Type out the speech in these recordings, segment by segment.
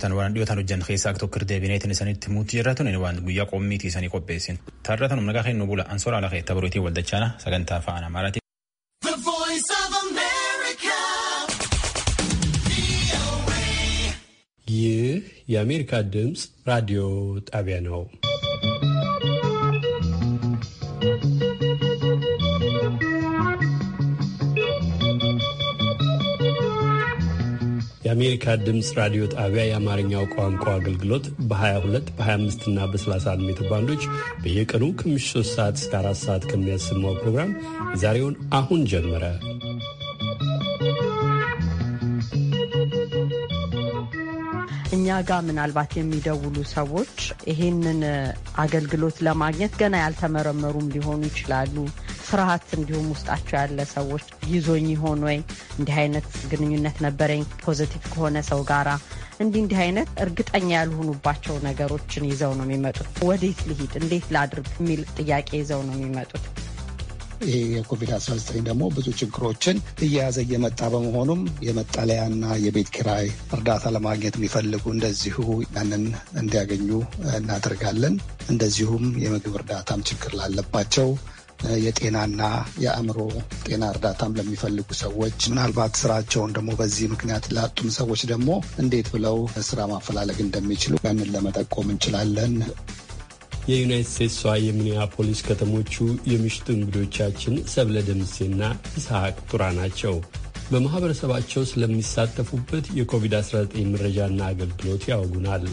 Tan waan dhiyootaan hojjan keessaa akka tokko deebinee itin isaaniitti muutii jirra tun inni waan guyyaa qoommiti isaanii qopheessin. Tarra tanum nagaa kennu bula ansoora ala keetta borootii waldachaana sagantaa afaan amaaraati. ይህ የአሜሪካ ድምፅ ራዲዮ ጣቢያ ነው። የአሜሪካ ድምፅ ራዲዮ ጣቢያ የአማርኛው ቋንቋ አገልግሎት በ22 በ25 እና በ31 ሜትር ባንዶች በየቀኑ ከምሽቱ 3 ሰዓት እስከ 4 ሰዓት ከሚያሰማው ፕሮግራም ዛሬውን አሁን ጀመረ። እኛ ጋ ምናልባት የሚደውሉ ሰዎች ይሄንን አገልግሎት ለማግኘት ገና ያልተመረመሩም ሊሆኑ ይችላሉ። ፍርሃት እንዲሁም ውስጣቸው ያለ ሰዎች ይዞኝ ይሆን ወይ እንዲህ አይነት ግንኙነት ነበረኝ ፖዘቲቭ ከሆነ ሰው ጋራ እንዲህ እንዲህ አይነት እርግጠኛ ያልሆኑባቸው ነገሮችን ይዘው ነው የሚመጡት። ወዴት ልሂድ፣ እንዴት ላድርግ የሚል ጥያቄ ይዘው ነው የሚመጡት። ይህ የኮቪድ-19 ደግሞ ብዙ ችግሮችን እየያዘ እየመጣ በመሆኑም የመጠለያና የቤት ኪራይ እርዳታ ለማግኘት የሚፈልጉ እንደዚሁ ያንን እንዲያገኙ እናደርጋለን። እንደዚሁም የምግብ እርዳታም ችግር ላለባቸው የጤናና የአእምሮ ጤና እርዳታም ለሚፈልጉ ሰዎች ምናልባት ስራቸውን ደግሞ በዚህ ምክንያት ላጡም ሰዎች ደግሞ እንዴት ብለው ስራ ማፈላለግ እንደሚችሉ ያንን ለመጠቆም እንችላለን። የዩናይት ስቴትሷ የሚኒያፖሊስ ከተሞቹ የምሽቱ እንግዶቻችን ሰብለ ደምሴና ኢስሐቅ ቱራ ናቸው። በማኅበረሰባቸው ስለሚሳተፉበት የኮቪድ-19 መረጃና አገልግሎት ያወጉናል።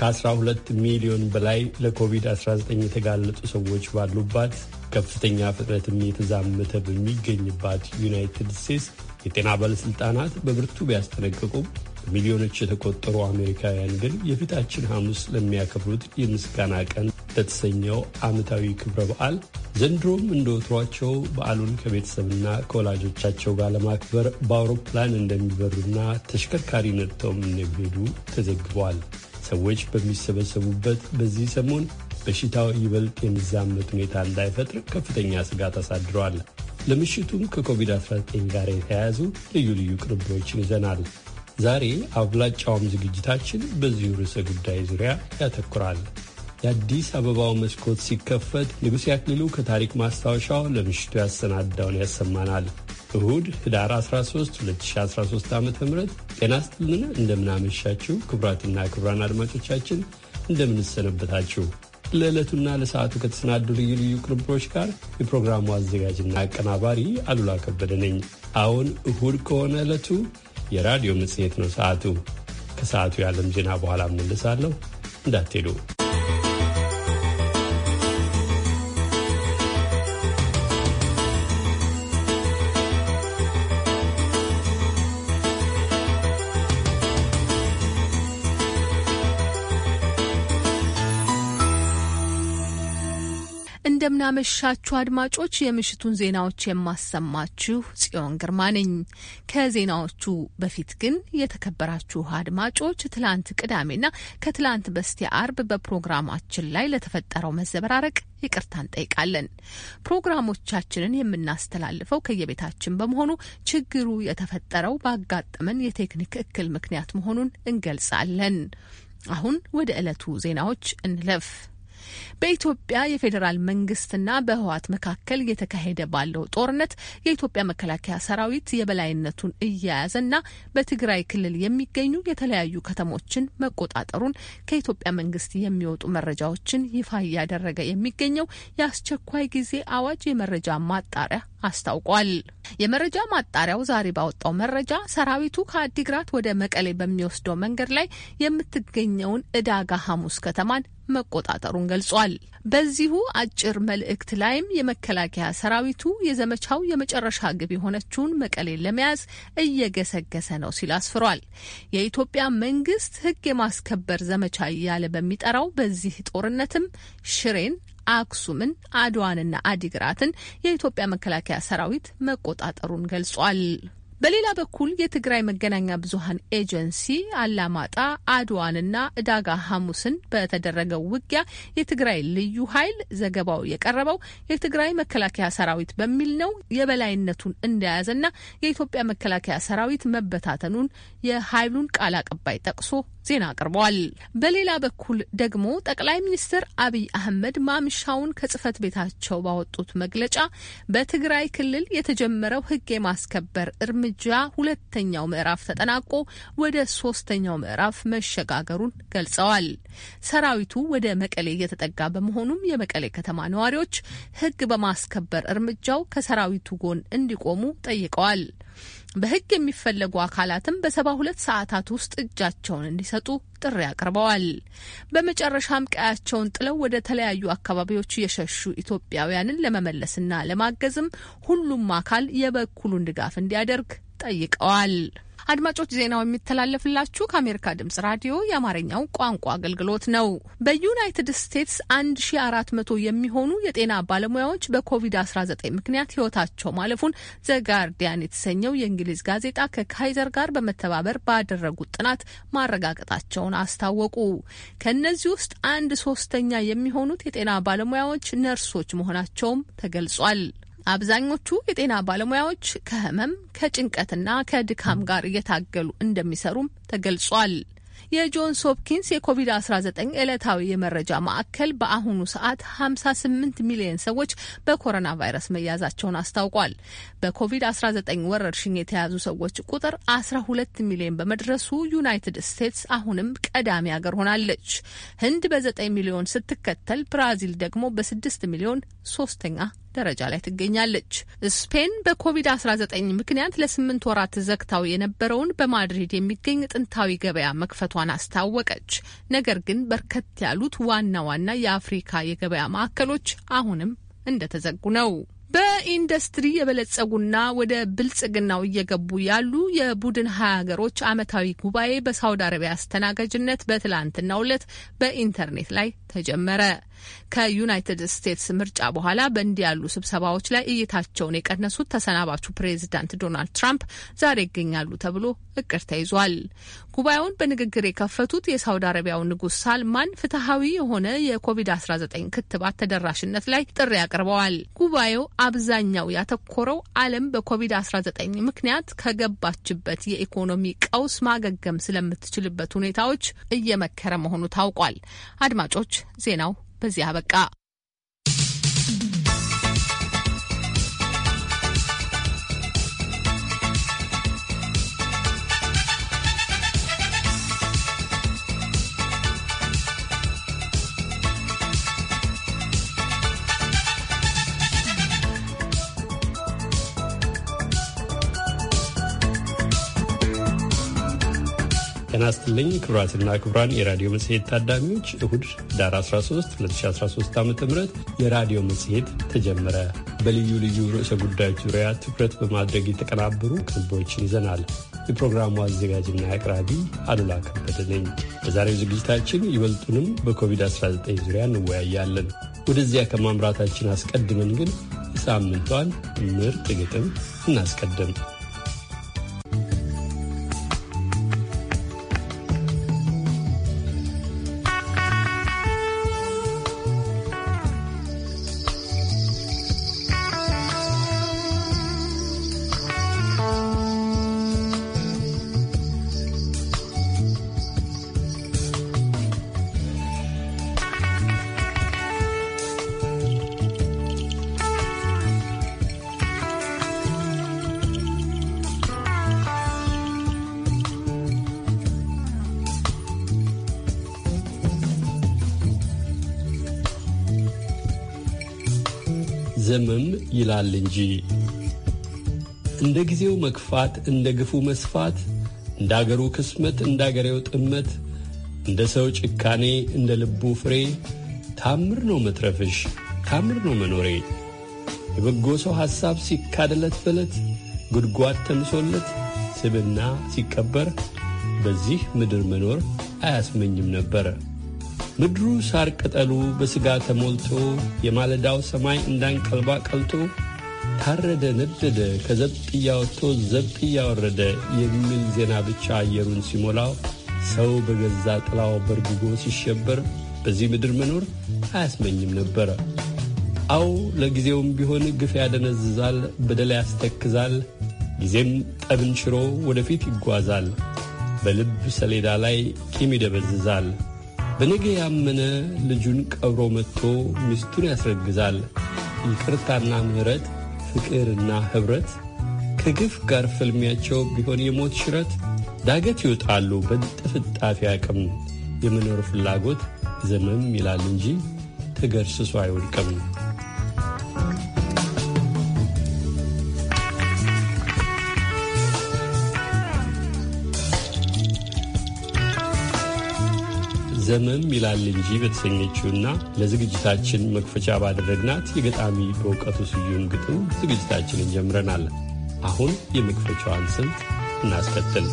ከ12 ሚሊዮን በላይ ለኮቪድ-19 የተጋለጡ ሰዎች ባሉባት ከፍተኛ ፍጥነትም የተዛመተ በሚገኝባት ዩናይትድ ስቴትስ የጤና ባለሥልጣናት በብርቱ ቢያስጠነቅቁም በሚሊዮኖች የተቆጠሩ አሜሪካውያን ግን የፊታችን ሐሙስ ለሚያከብሩት የምስጋና ቀን ለተሰኘው ዓመታዊ ክብረ በዓል ዘንድሮም እንደ ወትሯቸው በዓሉን ከቤተሰብና ከወላጆቻቸው ጋር ለማክበር በአውሮፕላን እንደሚበሩና ተሽከርካሪ ነጥተውም እንደሚሄዱ ተዘግቧል። ሰዎች በሚሰበሰቡበት በዚህ ሰሞን በሽታው ይበልጥ የሚዛመት ሁኔታ እንዳይፈጥር ከፍተኛ ስጋት አሳድረዋል። ለምሽቱም ከኮቪድ-19 ጋር የተያያዙ ልዩ ልዩ ቅንብሮችን ይዘናል። ዛሬ አብላጫውም ዝግጅታችን በዚሁ ርዕሰ ጉዳይ ዙሪያ ያተኩራል። የአዲስ አበባው መስኮት ሲከፈት ንጉሥ ያክሊሉ ከታሪክ ማስታወሻው ለምሽቱ ያሰናዳውን ያሰማናል። እሁድ ህዳር 13 2013 ዓ ም ጤና ይስጥልን። እንደምናመሻችሁ ክቡራትና ክቡራን አድማጮቻችን እንደምንሰነበታችሁ። ለዕለቱና ለሰዓቱ ከተሰናዱ ልዩ ልዩ ቅንብሮች ጋር የፕሮግራሙ አዘጋጅና አቀናባሪ አሉላ ከበደ ነኝ። አሁን እሁድ ከሆነ ዕለቱ የራዲዮ መጽሔት ነው። ሰዓቱ ከሰዓቱ የዓለም ዜና በኋላ እመልሳለሁ፣ እንዳትሄዱ። እንደምናመሻችሁ አድማጮች፣ የምሽቱን ዜናዎች የማሰማችሁ ጽዮን ግርማ ነኝ። ከዜናዎቹ በፊት ግን የተከበራችሁ አድማጮች ትላንት ቅዳሜና ከትላንት በስቲያ አርብ በፕሮግራማችን ላይ ለተፈጠረው መዘበራረቅ ይቅርታ እንጠይቃለን። ፕሮግራሞቻችንን የምናስተላልፈው ከየቤታችን በመሆኑ ችግሩ የተፈጠረው ባጋጠመን የቴክኒክ እክል ምክንያት መሆኑን እንገልጻለን። አሁን ወደ ዕለቱ ዜናዎች እንለፍ። በኢትዮጵያ የፌዴራል መንግስትና በህወሓት መካከል እየተካሄደ ባለው ጦርነት የኢትዮጵያ መከላከያ ሰራዊት የበላይነቱን እየያዘና በትግራይ ክልል የሚገኙ የተለያዩ ከተሞችን መቆጣጠሩን ከኢትዮጵያ መንግስት የሚወጡ መረጃዎችን ይፋ እያደረገ የሚገኘው የአስቸኳይ ጊዜ አዋጅ የመረጃ ማጣሪያ አስታውቋል። የመረጃ ማጣሪያው ዛሬ ባወጣው መረጃ ሰራዊቱ ከአዲግራት ወደ መቀሌ በሚወስደው መንገድ ላይ የምትገኘውን እዳጋ ሐሙስ ከተማን መቆጣጠሩን ገልጿል። በዚሁ አጭር መልእክት ላይም የመከላከያ ሰራዊቱ የዘመቻው የመጨረሻ ግብ የሆነችውን መቀሌን ለመያዝ እየገሰገሰ ነው ሲል አስፍሯል። የኢትዮጵያ መንግስት ህግ የማስከበር ዘመቻ እያለ በሚጠራው በዚህ ጦርነትም ሽሬን አክሱምን፣ አድዋንና አዲግራትን የኢትዮጵያ መከላከያ ሰራዊት መቆጣጠሩን ገልጿል። በሌላ በኩል የትግራይ መገናኛ ብዙሀን ኤጀንሲ አላማጣ አድዋንና እዳጋ ሐሙስን በተደረገው ውጊያ የትግራይ ልዩ ኃይል ዘገባው የቀረበው የትግራይ መከላከያ ሰራዊት በሚል ነው የበላይነቱን እንደያዘና የኢትዮጵያ መከላከያ ሰራዊት መበታተኑን የኃይሉን ቃል አቀባይ ጠቅሶ ዜና አቅርበዋል። በሌላ በኩል ደግሞ ጠቅላይ ሚኒስትር አብይ አህመድ ማምሻውን ከጽህፈት ቤታቸው ባወጡት መግለጫ በትግራይ ክልል የተጀመረው ህግ የማስከበር እርምጃ ሁለተኛው ምዕራፍ ተጠናቆ ወደ ሶስተኛው ምዕራፍ መሸጋገሩን ገልጸዋል። ሰራዊቱ ወደ መቀሌ እየተጠጋ በመሆኑም የመቀሌ ከተማ ነዋሪዎች ህግ በማስከበር እርምጃው ከሰራዊቱ ጎን እንዲቆሙ ጠይቀዋል። በህግ የሚፈለጉ አካላትም በሰባ ሁለት ሰዓታት ውስጥ እጃቸውን እንዲሰጡ ጥሪ አቅርበዋል። በመጨረሻም ቀያቸውን ጥለው ወደ ተለያዩ አካባቢዎች የሸሹ ኢትዮጵያውያንን ለመመለስና ለማገዝም ሁሉም አካል የበኩሉን ድጋፍ እንዲያደርግ ጠይቀዋል። አድማጮች ዜናው የሚተላለፍላችሁ ከአሜሪካ ድምጽ ራዲዮ የአማርኛው ቋንቋ አገልግሎት ነው። በዩናይትድ ስቴትስ 1400 የሚሆኑ የጤና ባለሙያዎች በኮቪድ-19 ምክንያት ህይወታቸው ማለፉን ዘጋርዲያን የተሰኘው የእንግሊዝ ጋዜጣ ከካይዘር ጋር በመተባበር ባደረጉት ጥናት ማረጋገጣቸውን አስታወቁ። ከእነዚህ ውስጥ አንድ ሶስተኛ የሚሆኑት የጤና ባለሙያዎች ነርሶች መሆናቸውም ተገልጿል። አብዛኞቹ የጤና ባለሙያዎች ከህመም ከጭንቀትና ከድካም ጋር እየታገሉ እንደሚሰሩም ተገልጿል። የጆንስ ሆፕኪንስ የኮቪድ-19 ዕለታዊ የመረጃ ማዕከል በአሁኑ ሰዓት 58 ሚሊዮን ሰዎች በኮሮና ቫይረስ መያዛቸውን አስታውቋል። በኮቪድ-19 ወረርሽኝ የተያዙ ሰዎች ቁጥር 12 ሚሊዮን በመድረሱ ዩናይትድ ስቴትስ አሁንም ቀዳሚ አገር ሆናለች። ህንድ በ9 ሚሊዮን ስትከተል፣ ብራዚል ደግሞ በ6 ሚሊዮን ሶስተኛ ደረጃ ላይ ትገኛለች። ስፔን በኮቪድ-19 ምክንያት ለስምንት ወራት ዘግታው የነበረውን በማድሪድ የሚገኝ ጥንታዊ ገበያ መክፈቷን አስታወቀች። ነገር ግን በርከት ያሉት ዋና ዋና የአፍሪካ የገበያ ማዕከሎች አሁንም እንደተዘጉ ነው። በኢንዱስትሪ የበለጸጉና ወደ ብልጽግናው እየገቡ ያሉ የቡድን ሀያ ሀገሮች ዓመታዊ ጉባኤ በሳውዲ አረቢያ አስተናጋጅነት በትላንትናው ዕለት በኢንተርኔት ላይ ተጀመረ። ከዩናይትድ ስቴትስ ምርጫ በኋላ በእንዲህ ያሉ ስብሰባዎች ላይ እይታቸውን የቀነሱት ተሰናባቹ ፕሬዚዳንት ዶናልድ ትራምፕ ዛሬ ይገኛሉ ተብሎ እቅድ ተይዟል። ጉባኤውን በንግግር የከፈቱት የሳውዲ አረቢያው ንጉሥ ሳልማን ፍትሐዊ የሆነ የኮቪድ-19 ክትባት ተደራሽነት ላይ ጥሪ አቅርበዋል። ጉባኤው አብዛኛው ያተኮረው ዓለም በኮቪድ-19 ምክንያት ከገባችበት የኢኮኖሚ ቀውስ ማገገም ስለምትችልበት ሁኔታዎች እየመከረ መሆኑ ታውቋል። አድማጮች ዜናው በዚህ አበቃ። ጤና ስትልኝ ክቡራትና ክቡራን የራዲዮ መጽሔት ታዳሚዎች፣ እሁድ ዳር 13 2013 ዓ ም የራዲዮ መጽሔት ተጀመረ። በልዩ ልዩ ርዕሰ ጉዳዮች ዙሪያ ትኩረት በማድረግ የተቀናበሩ ክንቦችን ይዘናል። የፕሮግራሙ አዘጋጅና አቅራቢ አሉላ ከበደ ነኝ። በዛሬው ዝግጅታችን ይበልጡንም በኮቪድ-19 ዙሪያ እንወያያለን። ወደዚያ ከማምራታችን አስቀድመን ግን የሳምንቷን ምርጥ ግጥም እናስቀድም። እንጂ እንደ ጊዜው መክፋት፣ እንደ ግፉ መስፋት፣ እንደ አገሩ ክስመት፣ እንደ አገሬው ጥመት፣ እንደ ሰው ጭካኔ፣ እንደ ልቡ ፍሬ ታምር ነው መትረፍሽ፣ ታምር ነው መኖሬ። የበጎ ሰው ሐሳብ ሲካድለት በለት ጉድጓድ ተምሶለት ስብና ሲቀበር በዚህ ምድር መኖር አያስመኝም ነበር። ምድሩ ሳር ቅጠሉ በሥጋ ተሞልቶ የማለዳው ሰማይ እንዳንቀልባ ቀልቶ ታረደ ነደደ፣ ከዘብጥ እያወጥቶ ዘብጥ እያወረደ የሚል ዜና ብቻ አየሩን ሲሞላው ሰው በገዛ ጥላው በርግጎ ሲሸበር በዚህ ምድር መኖር አያስመኝም ነበረ። አው ለጊዜውም ቢሆን ግፍ ያደነዝዛል፣ በደላ ያስተክዛል፣ ጊዜም ጠብን ሽሮ ወደፊት ይጓዛል። በልብ ሰሌዳ ላይ ቂም ይደበዝዛል። በነገ ያመነ ልጁን ቀብሮ መጥቶ ሚስቱን ያስረግዛል። ይቅርታና ምሕረት ፍቅርና ኅብረት ከግፍ ጋር ፍልሚያቸው ቢሆን የሞት ሽረት ዳገት ይወጣሉ በጥፍጣፊ አቅም የመኖር ፍላጎት ዘመም ይላል እንጂ ተገርስሶ አይወድቅም። ዘመም ይላል እንጂ በተሰኘችውና ለዝግጅታችን መክፈቻ ባደረግናት የገጣሚ በእውቀቱ ስዩም ግጥም ዝግጅታችንን ጀምረናል። አሁን የመክፈቻዋን ስልት እናስከትል።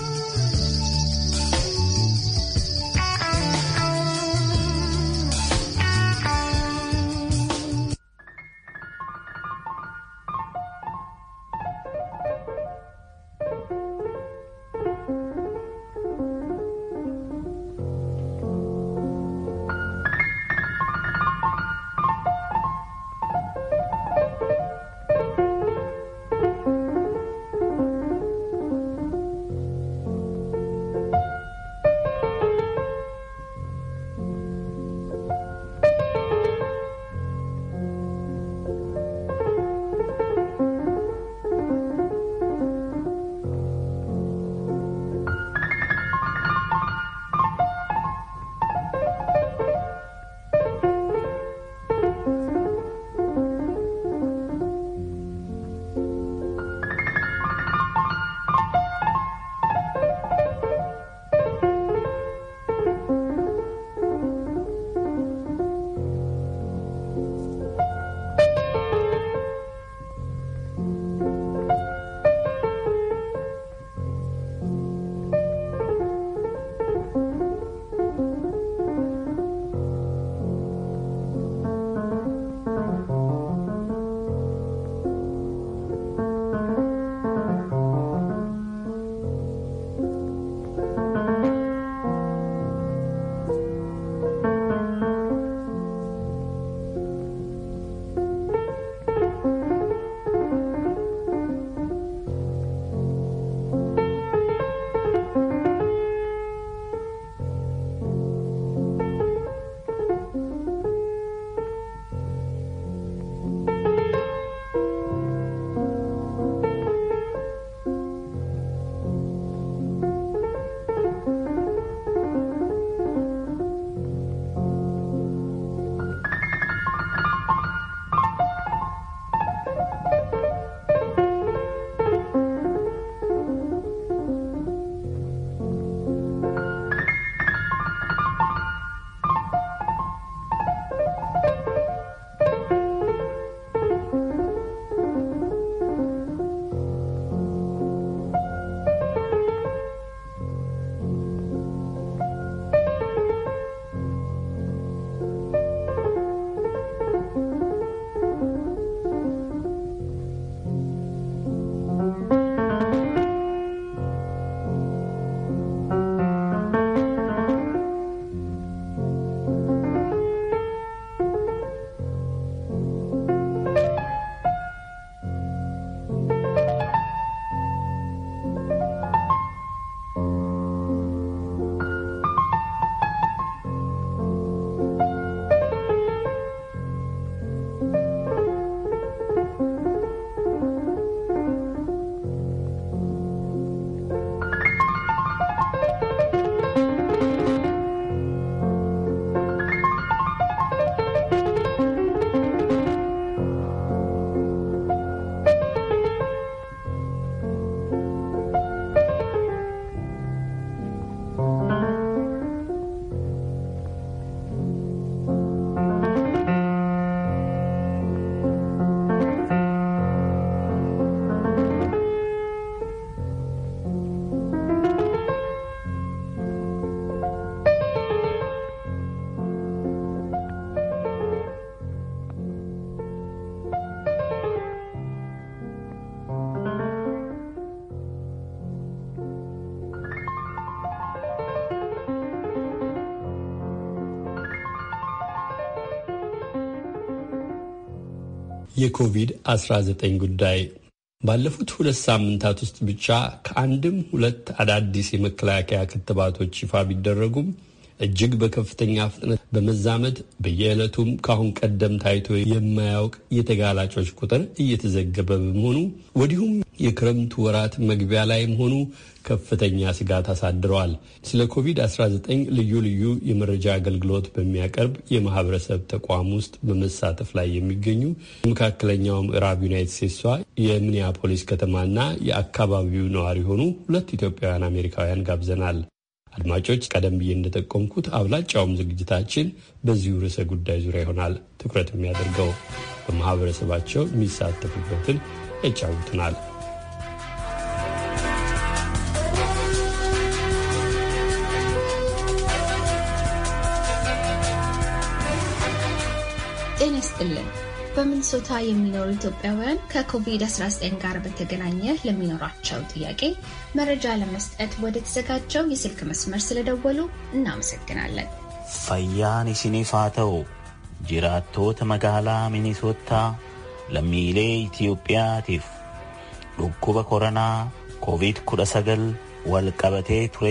የኮቪድ-19 ጉዳይ ባለፉት ሁለት ሳምንታት ውስጥ ብቻ ከአንድም ሁለት አዳዲስ የመከላከያ ክትባቶች ይፋ ቢደረጉም እጅግ በከፍተኛ ፍጥነት በመዛመት በየዕለቱም ከአሁን ቀደም ታይቶ የማያውቅ የተጋላጮች ቁጥር እየተዘገበ በመሆኑ ወዲሁም የክረምቱ ወራት መግቢያ ላይ መሆኑ ከፍተኛ ስጋት አሳድረዋል። ስለ ኮቪድ-19 ልዩ ልዩ የመረጃ አገልግሎት በሚያቀርብ የማህበረሰብ ተቋም ውስጥ በመሳተፍ ላይ የሚገኙ የመካከለኛው ምዕራብ ዩናይት ስቴትሷ የሚኒያፖሊስ ከተማና የአካባቢው ነዋሪ የሆኑ ሁለት ኢትዮጵያውያን አሜሪካውያን ጋብዘናል። አድማጮች፣ ቀደም ብዬ እንደጠቆምኩት አብላጫውም ዝግጅታችን በዚሁ ርዕሰ ጉዳይ ዙሪያ ይሆናል። ትኩረት የሚያደርገው በማህበረሰባቸው የሚሳተፉበትን ያጫውቱናል። ይስጥልን። በሚኒሶታ የሚኖሩ ኢትዮጵያውያን ከኮቪድ-19 ጋር በተገናኘ ለሚኖራቸው ጥያቄ መረጃ ለመስጠት ወደ ተዘጋጀው የስልክ መስመር ስለደወሉ እናመሰግናለን። ፈያን ፋተው ጅራቶ መጋላ ሚኒሶታ ለሚሌ ቲፍ ዱኩበ ኮረና ኮቪድ-19 ወልቀበቴ ቱሬ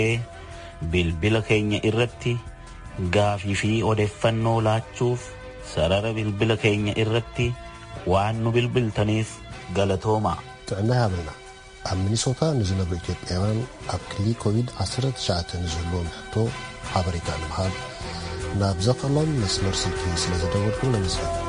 ቢልቢለ ኬኛ ኢረቲ ጋፊፊ ኦዴፈኖ ላችሁፍ sarara bilbila keenya irratti waan nu bilbiltaniif galatoomaa. ጥዕና ሃበና ኣብ ሚኒሶታ ንዝነብሩ ኢትዮጵያውያን ኣብ ክልሊ ኮቪድ-19 ንዝህልዎም ሕቶ ሓበሬታ ንምሃብ ናብ ዘኽእሎም መስመር ስልኪ ስለ ዝደወልኩ ነመስረት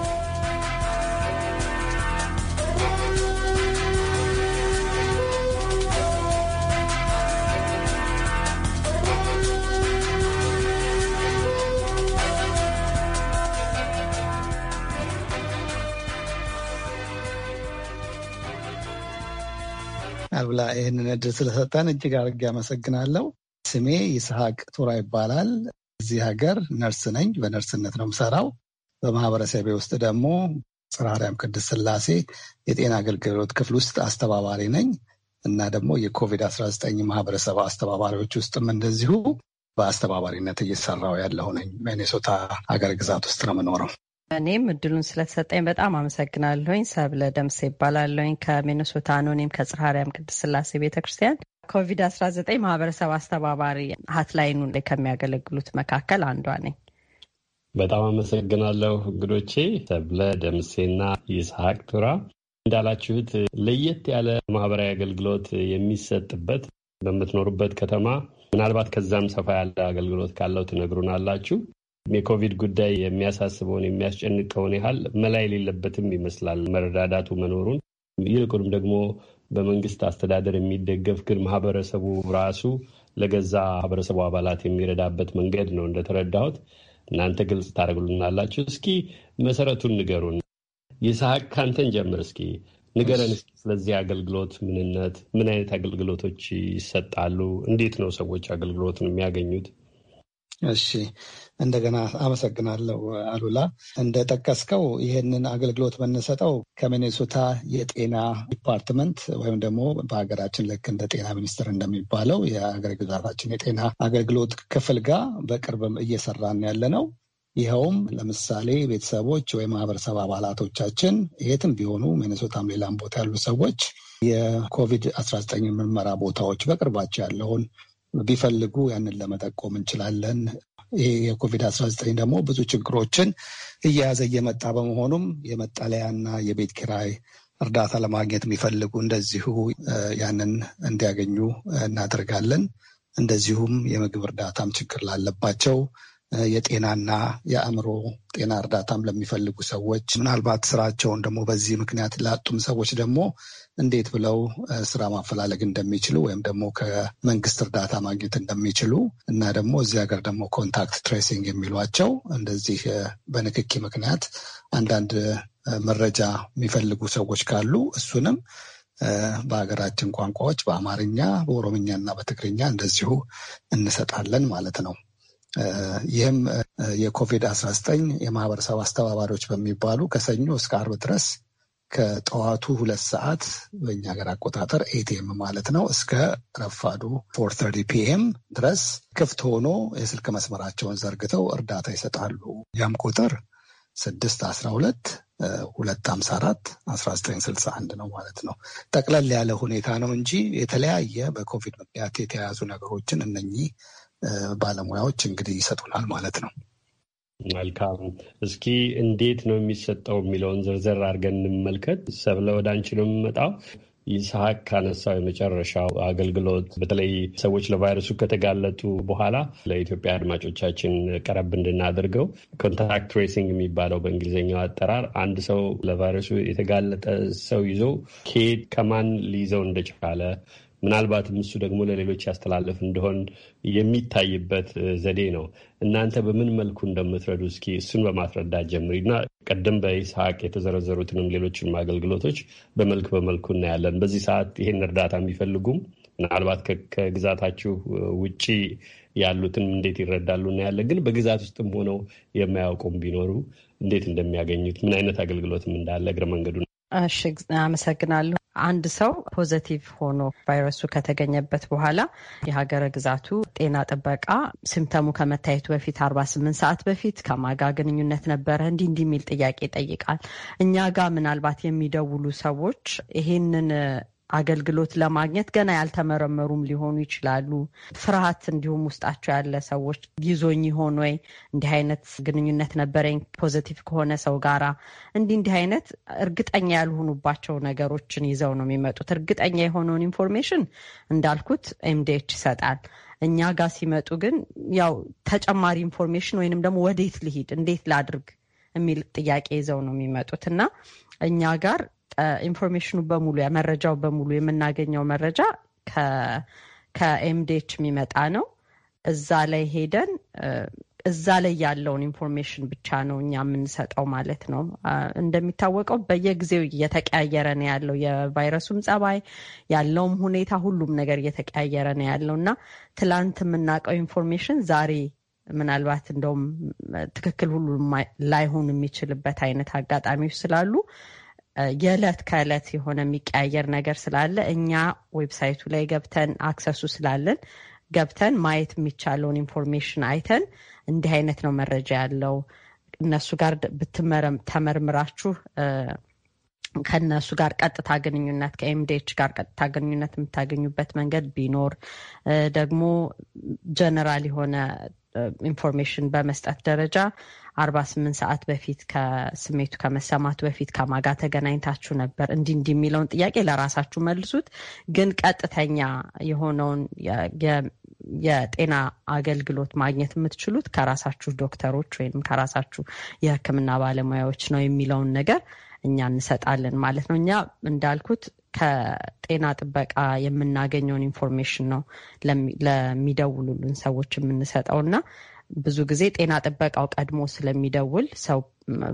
አሉላ ይህንን እድል ስለሰጠን እጅግ አድርጌ አመሰግናለሁ። ስሜ ይስሐቅ ቱራ ይባላል። እዚህ ሀገር ነርስ ነኝ። በነርስነት ነው የምሰራው። በማህበረሰቤ ውስጥ ደግሞ ጽርሐ አርያም ቅድስት ስላሴ የጤና አገልግሎት ክፍል ውስጥ አስተባባሪ ነኝ እና ደግሞ የኮቪድ-19 ማህበረሰብ አስተባባሪዎች ውስጥም እንደዚሁ በአስተባባሪነት እየሰራው ያለሁ ነኝ። ሚኔሶታ ሀገር ግዛት ውስጥ ነው የምኖረው። እኔም እድሉን ስለተሰጠኝ በጣም አመሰግናለሁኝ። ሰብለ ደምስ ይባላለሁኝ ከሚኒሶታ አኖኒም ከጽርሃርያም ቅድስት ስላሴ ቤተክርስቲያን ኮቪድ 19 ማህበረሰብ አስተባባሪ ሀትላይኑ ላይ ከሚያገለግሉት መካከል አንዷ ነኝ። በጣም አመሰግናለሁ እንግዶቼ ሰብለ ደምሴና ይስሐቅ ቱራ። እንዳላችሁት ለየት ያለ ማህበራዊ አገልግሎት የሚሰጥበት በምትኖሩበት ከተማ ምናልባት ከዛም ሰፋ ያለ አገልግሎት ካለው ትነግሩናላችሁ። የኮቪድ ጉዳይ የሚያሳስበውን የሚያስጨንቀውን ያህል መላ የሌለበትም ይመስላል መረዳዳቱ መኖሩን ይልቁንም ደግሞ በመንግስት አስተዳደር የሚደገፍ ግን ማህበረሰቡ ራሱ ለገዛ ማህበረሰቡ አባላት የሚረዳበት መንገድ ነው እንደተረዳሁት። እናንተ ግልጽ ታደርግልናላችሁ። እስኪ መሰረቱን ንገሩን። ይስሐቅ ካንተን ጀምር እስኪ ንገረን ስለዚህ አገልግሎት ምንነት፣ ምን አይነት አገልግሎቶች ይሰጣሉ? እንዴት ነው ሰዎች አገልግሎትን የሚያገኙት? እሺ እንደገና አመሰግናለሁ አሉላ። እንደጠቀስከው ይህንን አገልግሎት የምንሰጠው ከሚኔሶታ የጤና ዲፓርትመንት ወይም ደግሞ በሀገራችን ልክ እንደ ጤና ሚኒስቴር እንደሚባለው የሀገር ግዛታችን የጤና አገልግሎት ክፍል ጋር በቅርብም እየሰራን ያለ ነው። ይኸውም ለምሳሌ ቤተሰቦች ወይም ማህበረሰብ አባላቶቻችን የትም ቢሆኑ ሚኔሶታም ሌላም ቦታ ያሉ ሰዎች የኮቪድ-19 ምርመራ ቦታዎች በቅርባቸው ያለውን ቢፈልጉ ያንን ለመጠቆም እንችላለን። ይህ የኮቪድ-19 ደግሞ ብዙ ችግሮችን እየያዘ እየመጣ በመሆኑም የመጠለያና የቤት ኪራይ እርዳታ ለማግኘት የሚፈልጉ እንደዚሁ ያንን እንዲያገኙ እናደርጋለን። እንደዚሁም የምግብ እርዳታም ችግር ላለባቸው የጤናና የአእምሮ ጤና እርዳታም ለሚፈልጉ ሰዎች ምናልባት ስራቸውን ደግሞ በዚህ ምክንያት ላጡም ሰዎች ደግሞ እንዴት ብለው ስራ ማፈላለግ እንደሚችሉ ወይም ደግሞ ከመንግስት እርዳታ ማግኘት እንደሚችሉ እና ደግሞ እዚህ ሀገር ደግሞ ኮንታክት ትሬሲንግ የሚሏቸው እንደዚህ በንክኪ ምክንያት አንዳንድ መረጃ የሚፈልጉ ሰዎች ካሉ እሱንም በሀገራችን ቋንቋዎች በአማርኛ፣ በኦሮምኛ እና በትግርኛ እንደዚሁ እንሰጣለን ማለት ነው። ይህም የኮቪድ-19 የማህበረሰብ አስተባባሪዎች በሚባሉ ከሰኞ እስከ አርብ ድረስ ከጠዋቱ ሁለት ሰዓት በእኛ ሀገር አቆጣጠር ኤቲኤም ማለት ነው እስከ ረፋዱ ፎር ተርቲ ፒኤም ድረስ ክፍት ሆኖ የስልክ መስመራቸውን ዘርግተው እርዳታ ይሰጣሉ። ያም ቁጥር ስድስት አስራ ሁለት ሁለት ሀምሳ አራት አስራ ዘጠኝ ስልሳ አንድ ነው ማለት ነው። ጠቅለል ያለ ሁኔታ ነው እንጂ የተለያየ በኮቪድ ምክንያት የተያያዙ ነገሮችን እነኚህ ባለሙያዎች እንግዲህ ይሰጡናል ማለት ነው። መልካም እስኪ እንዴት ነው የሚሰጠው የሚለውን ዝርዝር አድርገን እንመልከት። ሰብለ ወደ አንቺ ነው የምመጣው። ይስሐቅ ካነሳው የመጨረሻው አገልግሎት በተለይ ሰዎች ለቫይረሱ ከተጋለጡ በኋላ ለኢትዮጵያ አድማጮቻችን ቀረብ እንድናደርገው ኮንታክት ትሬሲንግ የሚባለው በእንግሊዝኛው አጠራር አንድ ሰው ለቫይረሱ የተጋለጠ ሰው ይዞ ከየት ከማን ሊይዘው እንደቻለ ምናልባትም እሱ ደግሞ ለሌሎች ያስተላለፍ እንደሆን የሚታይበት ዘዴ ነው። እናንተ በምን መልኩ እንደምትረዱ እስኪ እሱን በማስረዳት ጀምሪና ቀደም በይስሐቅ የተዘረዘሩትንም ሌሎችንም አገልግሎቶች በመልክ በመልኩ እናያለን። በዚህ ሰዓት ይሄን እርዳታ የሚፈልጉም ምናልባት ከግዛታችሁ ውጪ ያሉትን እንዴት ይረዳሉ እናያለን። ግን በግዛት ውስጥም ሆነው የማያውቁም ቢኖሩ እንዴት እንደሚያገኙት ምን አይነት አገልግሎትም እንዳለ እግረ መንገዱ። እሺ፣ አመሰግናለሁ። አንድ ሰው ፖዘቲቭ ሆኖ ቫይረሱ ከተገኘበት በኋላ የሀገረ ግዛቱ ጤና ጥበቃ ሲምተሙ ከመታየቱ በፊት አርባ ስምንት ሰዓት በፊት ከማጋ ግንኙነት ነበረ እንዲህ እንዲህ የሚል ጥያቄ ይጠይቃል። እኛ ጋር ምናልባት የሚደውሉ ሰዎች ይሄንን አገልግሎት ለማግኘት ገና ያልተመረመሩም ሊሆኑ ይችላሉ። ፍርሃት እንዲሁም ውስጣቸው ያለ ሰዎች ይዞኝ ይሆን ወይ እንዲህ አይነት ግንኙነት ነበረኝ ፖዘቲቭ ከሆነ ሰው ጋራ እንዲህ እንዲህ አይነት እርግጠኛ ያልሆኑባቸው ነገሮችን ይዘው ነው የሚመጡት። እርግጠኛ የሆነውን ኢንፎርሜሽን እንዳልኩት ኤምዲኤች ይሰጣል። እኛ ጋር ሲመጡ ግን ያው ተጨማሪ ኢንፎርሜሽን ወይንም ደግሞ ወዴት ልሂድ፣ እንዴት ላድርግ የሚል ጥያቄ ይዘው ነው የሚመጡት እና እኛ ጋር ኢንፎርሜሽኑ በሙሉ መረጃው በሙሉ የምናገኘው መረጃ ከኤምዴች የሚመጣ ነው። እዛ ላይ ሄደን እዛ ላይ ያለውን ኢንፎርሜሽን ብቻ ነው እኛ የምንሰጠው ማለት ነው። እንደሚታወቀው በየጊዜው እየተቀያየረ ነው ያለው የቫይረሱም ጸባይ፣ ያለውም ሁኔታ ሁሉም ነገር እየተቀያየረ ነው ያለው እና ትላንት የምናውቀው ኢንፎርሜሽን ዛሬ ምናልባት እንደውም ትክክል ሁሉ ላይሆን የሚችልበት አይነት አጋጣሚዎች ስላሉ የዕለት ከዕለት የሆነ የሚቀያየር ነገር ስላለ እኛ ዌብሳይቱ ላይ ገብተን አክሰሱ ስላለን ገብተን ማየት የሚቻለውን ኢንፎርሜሽን አይተን እንዲህ አይነት ነው መረጃ ያለው እነሱ ጋር ብትመረም ተመርምራችሁ ከእነሱ ጋር ቀጥታ ግንኙነት ከኤምዲኤች ጋር ቀጥታ ግንኙነት የምታገኙበት መንገድ ቢኖር ደግሞ ጀነራል የሆነ ኢንፎርሜሽን በመስጠት ደረጃ አርባ ስምንት ሰዓት በፊት ከስሜቱ ከመሰማቱ በፊት ከማጋ ተገናኝታችሁ ነበር እንዲህ እንዲህ የሚለውን ጥያቄ ለራሳችሁ መልሱት። ግን ቀጥተኛ የሆነውን የጤና አገልግሎት ማግኘት የምትችሉት ከራሳችሁ ዶክተሮች ወይም ከራሳችሁ የሕክምና ባለሙያዎች ነው የሚለውን ነገር እኛ እንሰጣለን ማለት ነው። እኛ እንዳልኩት ከጤና ጥበቃ የምናገኘውን ኢንፎርሜሽን ነው ለሚደውሉልን ሰዎች የምንሰጠው እና ብዙ ጊዜ ጤና ጥበቃው ቀድሞ ስለሚደውል ሰው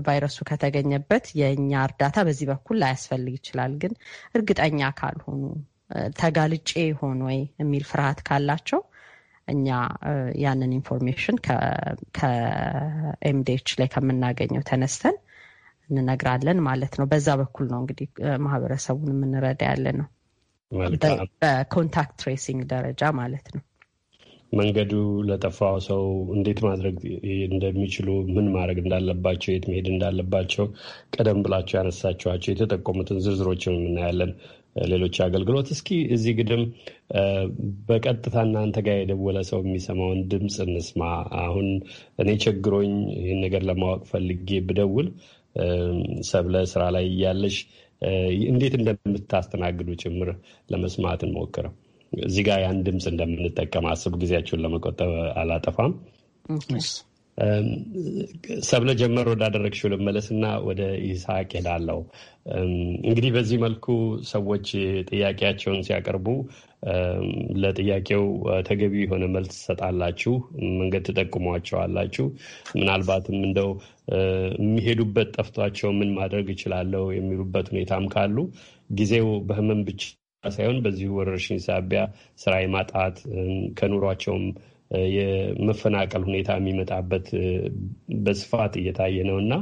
ቫይረሱ ከተገኘበት የእኛ እርዳታ በዚህ በኩል ላያስፈልግ ይችላል። ግን እርግጠኛ ካልሆኑ ተጋልጬ ይሆን ወይ የሚል ፍርሃት ካላቸው እኛ ያንን ኢንፎርሜሽን ከኤምዲኤች ላይ ከምናገኘው ተነስተን እንነግራለን ማለት ነው። በዛ በኩል ነው እንግዲህ ማህበረሰቡን የምንረዳ ያለ ነው፣ በኮንታክት ትሬሲንግ ደረጃ ማለት ነው። መንገዱ ለጠፋው ሰው እንዴት ማድረግ እንደሚችሉ ምን ማድረግ እንዳለባቸው የት መሄድ እንዳለባቸው ቀደም ብላቸው ያነሳችኋቸው የተጠቆሙትን ዝርዝሮችን እናያለን። ሌሎች አገልግሎት እስኪ እዚህ ግድም በቀጥታ እናንተ ጋር የደወለ ሰው የሚሰማውን ድምፅ እንስማ። አሁን እኔ ቸግሮኝ ይህን ነገር ለማወቅ ፈልጌ ብደውል ሰብለ ስራ ላይ እያለሽ እንዴት እንደምታስተናግዱ ጭምር ለመስማት እንሞክር። እዚህ ጋር ያን ድምፅ እንደምንጠቀም አስብ። ጊዜያችሁን ለመቆጠብ አላጠፋም። ሰብለ ጀመር ወዳደረግሽው ልመለስና ወደ ይስሐቅ ሄዳለው። እንግዲህ በዚህ መልኩ ሰዎች ጥያቄያቸውን ሲያቀርቡ ለጥያቄው ተገቢ የሆነ መልስ ትሰጣላችሁ፣ መንገድ ትጠቁሟቸዋላችሁ። ምናልባትም እንደው የሚሄዱበት ጠፍቷቸው ምን ማድረግ እችላለሁ የሚሉበት ሁኔታም ካሉ ጊዜው በህመም ብቻ ሳይሆን በዚሁ ወረርሽኝ ሳቢያ ስራ የማጣት ከኑሯቸውም የመፈናቀል ሁኔታ የሚመጣበት በስፋት እየታየ ነው እና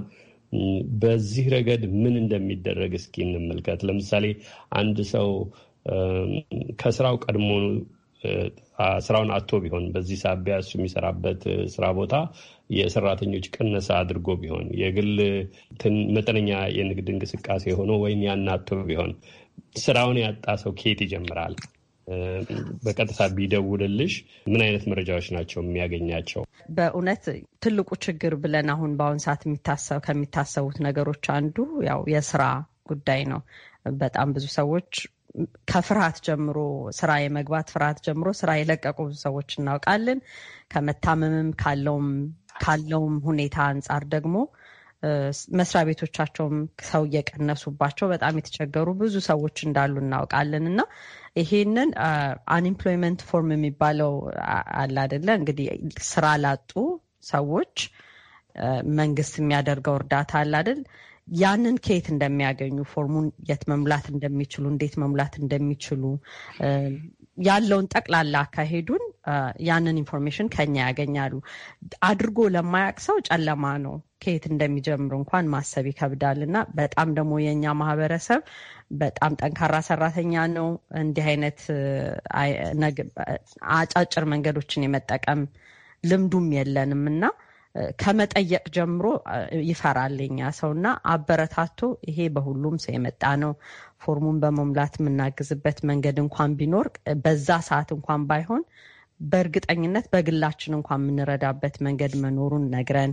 በዚህ ረገድ ምን እንደሚደረግ እስኪ እንመልከት። ለምሳሌ አንድ ሰው ከስራው ቀድሞ ስራውን አቶ ቢሆን በዚህ ሳቢያ እሱ የሚሰራበት ስራ ቦታ የሰራተኞች ቅነሳ አድርጎ ቢሆን የግል መጠነኛ የንግድ እንቅስቃሴ ሆኖ ወይም ያን አቶ ቢሆን ስራውን ያጣ ሰው ከየት ይጀምራል? በቀጥታ ቢደውልልሽ ምን አይነት መረጃዎች ናቸው የሚያገኛቸው? በእውነት ትልቁ ችግር ብለን አሁን በአሁን ሰዓት የሚታሰብ ከሚታሰቡት ነገሮች አንዱ ያው የስራ ጉዳይ ነው። በጣም ብዙ ሰዎች ከፍርሃት ጀምሮ ስራ የመግባት ፍርሃት ጀምሮ ስራ የለቀቁ ሰዎች እናውቃለን። ከመታመምም ካለውም ካለውም ሁኔታ አንጻር ደግሞ መስሪያ ቤቶቻቸውም ሰው እየቀነሱባቸው በጣም የተቸገሩ ብዙ ሰዎች እንዳሉ እናውቃለን። እና ይሄንን አንኤምፕሎይመንት ፎርም የሚባለው አለ አይደለ? እንግዲህ ስራ ላጡ ሰዎች መንግስት የሚያደርገው እርዳታ አለ አይደል? ያንን ከየት እንደሚያገኙ ፎርሙን የት መሙላት እንደሚችሉ፣ እንዴት መሙላት እንደሚችሉ ያለውን ጠቅላላ አካሄዱን ያንን ኢንፎርሜሽን ከኛ ያገኛሉ። አድርጎ ለማያቅ ሰው ጨለማ ነው። ከየት እንደሚጀምሩ እንኳን ማሰብ ይከብዳል። እና በጣም ደግሞ የእኛ ማህበረሰብ በጣም ጠንካራ ሰራተኛ ነው። እንዲህ አይነት አጫጭር መንገዶችን የመጠቀም ልምዱም የለንም እና ከመጠየቅ ጀምሮ ይፈራል የኛ ሰውና አበረታቶ ይሄ በሁሉም ሰው የመጣ ነው። ፎርሙን በመሙላት የምናግዝበት መንገድ እንኳን ቢኖር በዛ ሰዓት እንኳን ባይሆን በእርግጠኝነት በግላችን እንኳን የምንረዳበት መንገድ መኖሩን ነግረን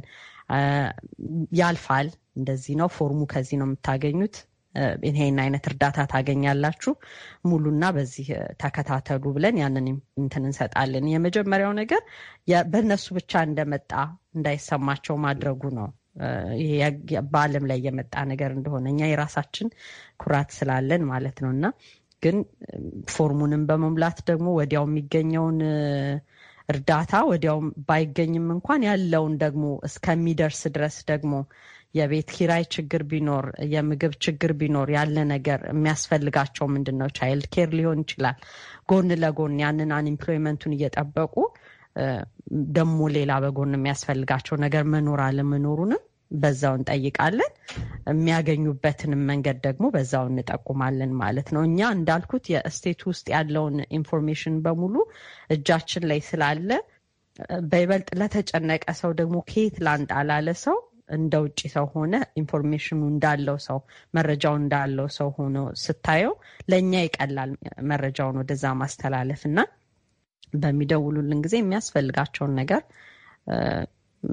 ያልፋል። እንደዚህ ነው ፎርሙ፣ ከዚህ ነው የምታገኙት፣ ይሄን አይነት እርዳታ ታገኛላችሁ፣ ሙሉና በዚህ ተከታተሉ ብለን ያንን እንትን እንሰጣለን። የመጀመሪያው ነገር በእነሱ ብቻ እንደመጣ እንዳይሰማቸው ማድረጉ ነው። በዓለም ላይ የመጣ ነገር እንደሆነ እኛ የራሳችን ኩራት ስላለን ማለት ነው እና ግን ፎርሙንም በመሙላት ደግሞ ወዲያው የሚገኘውን እርዳታ ወዲያውም ባይገኝም እንኳን ያለውን ደግሞ እስከሚደርስ ድረስ ደግሞ የቤት ኪራይ ችግር ቢኖር የምግብ ችግር ቢኖር ያለ ነገር የሚያስፈልጋቸው ምንድን ነው? ቻይልድ ኬር ሊሆን ይችላል። ጎን ለጎን ያንን አንኤምፕሎይመንቱን እየጠበቁ ደግሞ ሌላ በጎን የሚያስፈልጋቸው ነገር መኖር አለመኖሩንም በዛው እንጠይቃለን። የሚያገኙበትንም መንገድ ደግሞ በዛው እንጠቁማለን ማለት ነው። እኛ እንዳልኩት የእስቴት ውስጥ ያለውን ኢንፎርሜሽን በሙሉ እጃችን ላይ ስላለ በይበልጥ ለተጨነቀ ሰው ደግሞ ከየት ላንጣ ላለ ሰው እንደ ውጭ ሰው ሆነ ኢንፎርሜሽኑ እንዳለው ሰው መረጃው እንዳለው ሰው ሆኖ ስታየው ለእኛ ይቀላል መረጃውን ወደዛ ማስተላለፍ እና በሚደውሉልን ጊዜ የሚያስፈልጋቸውን ነገር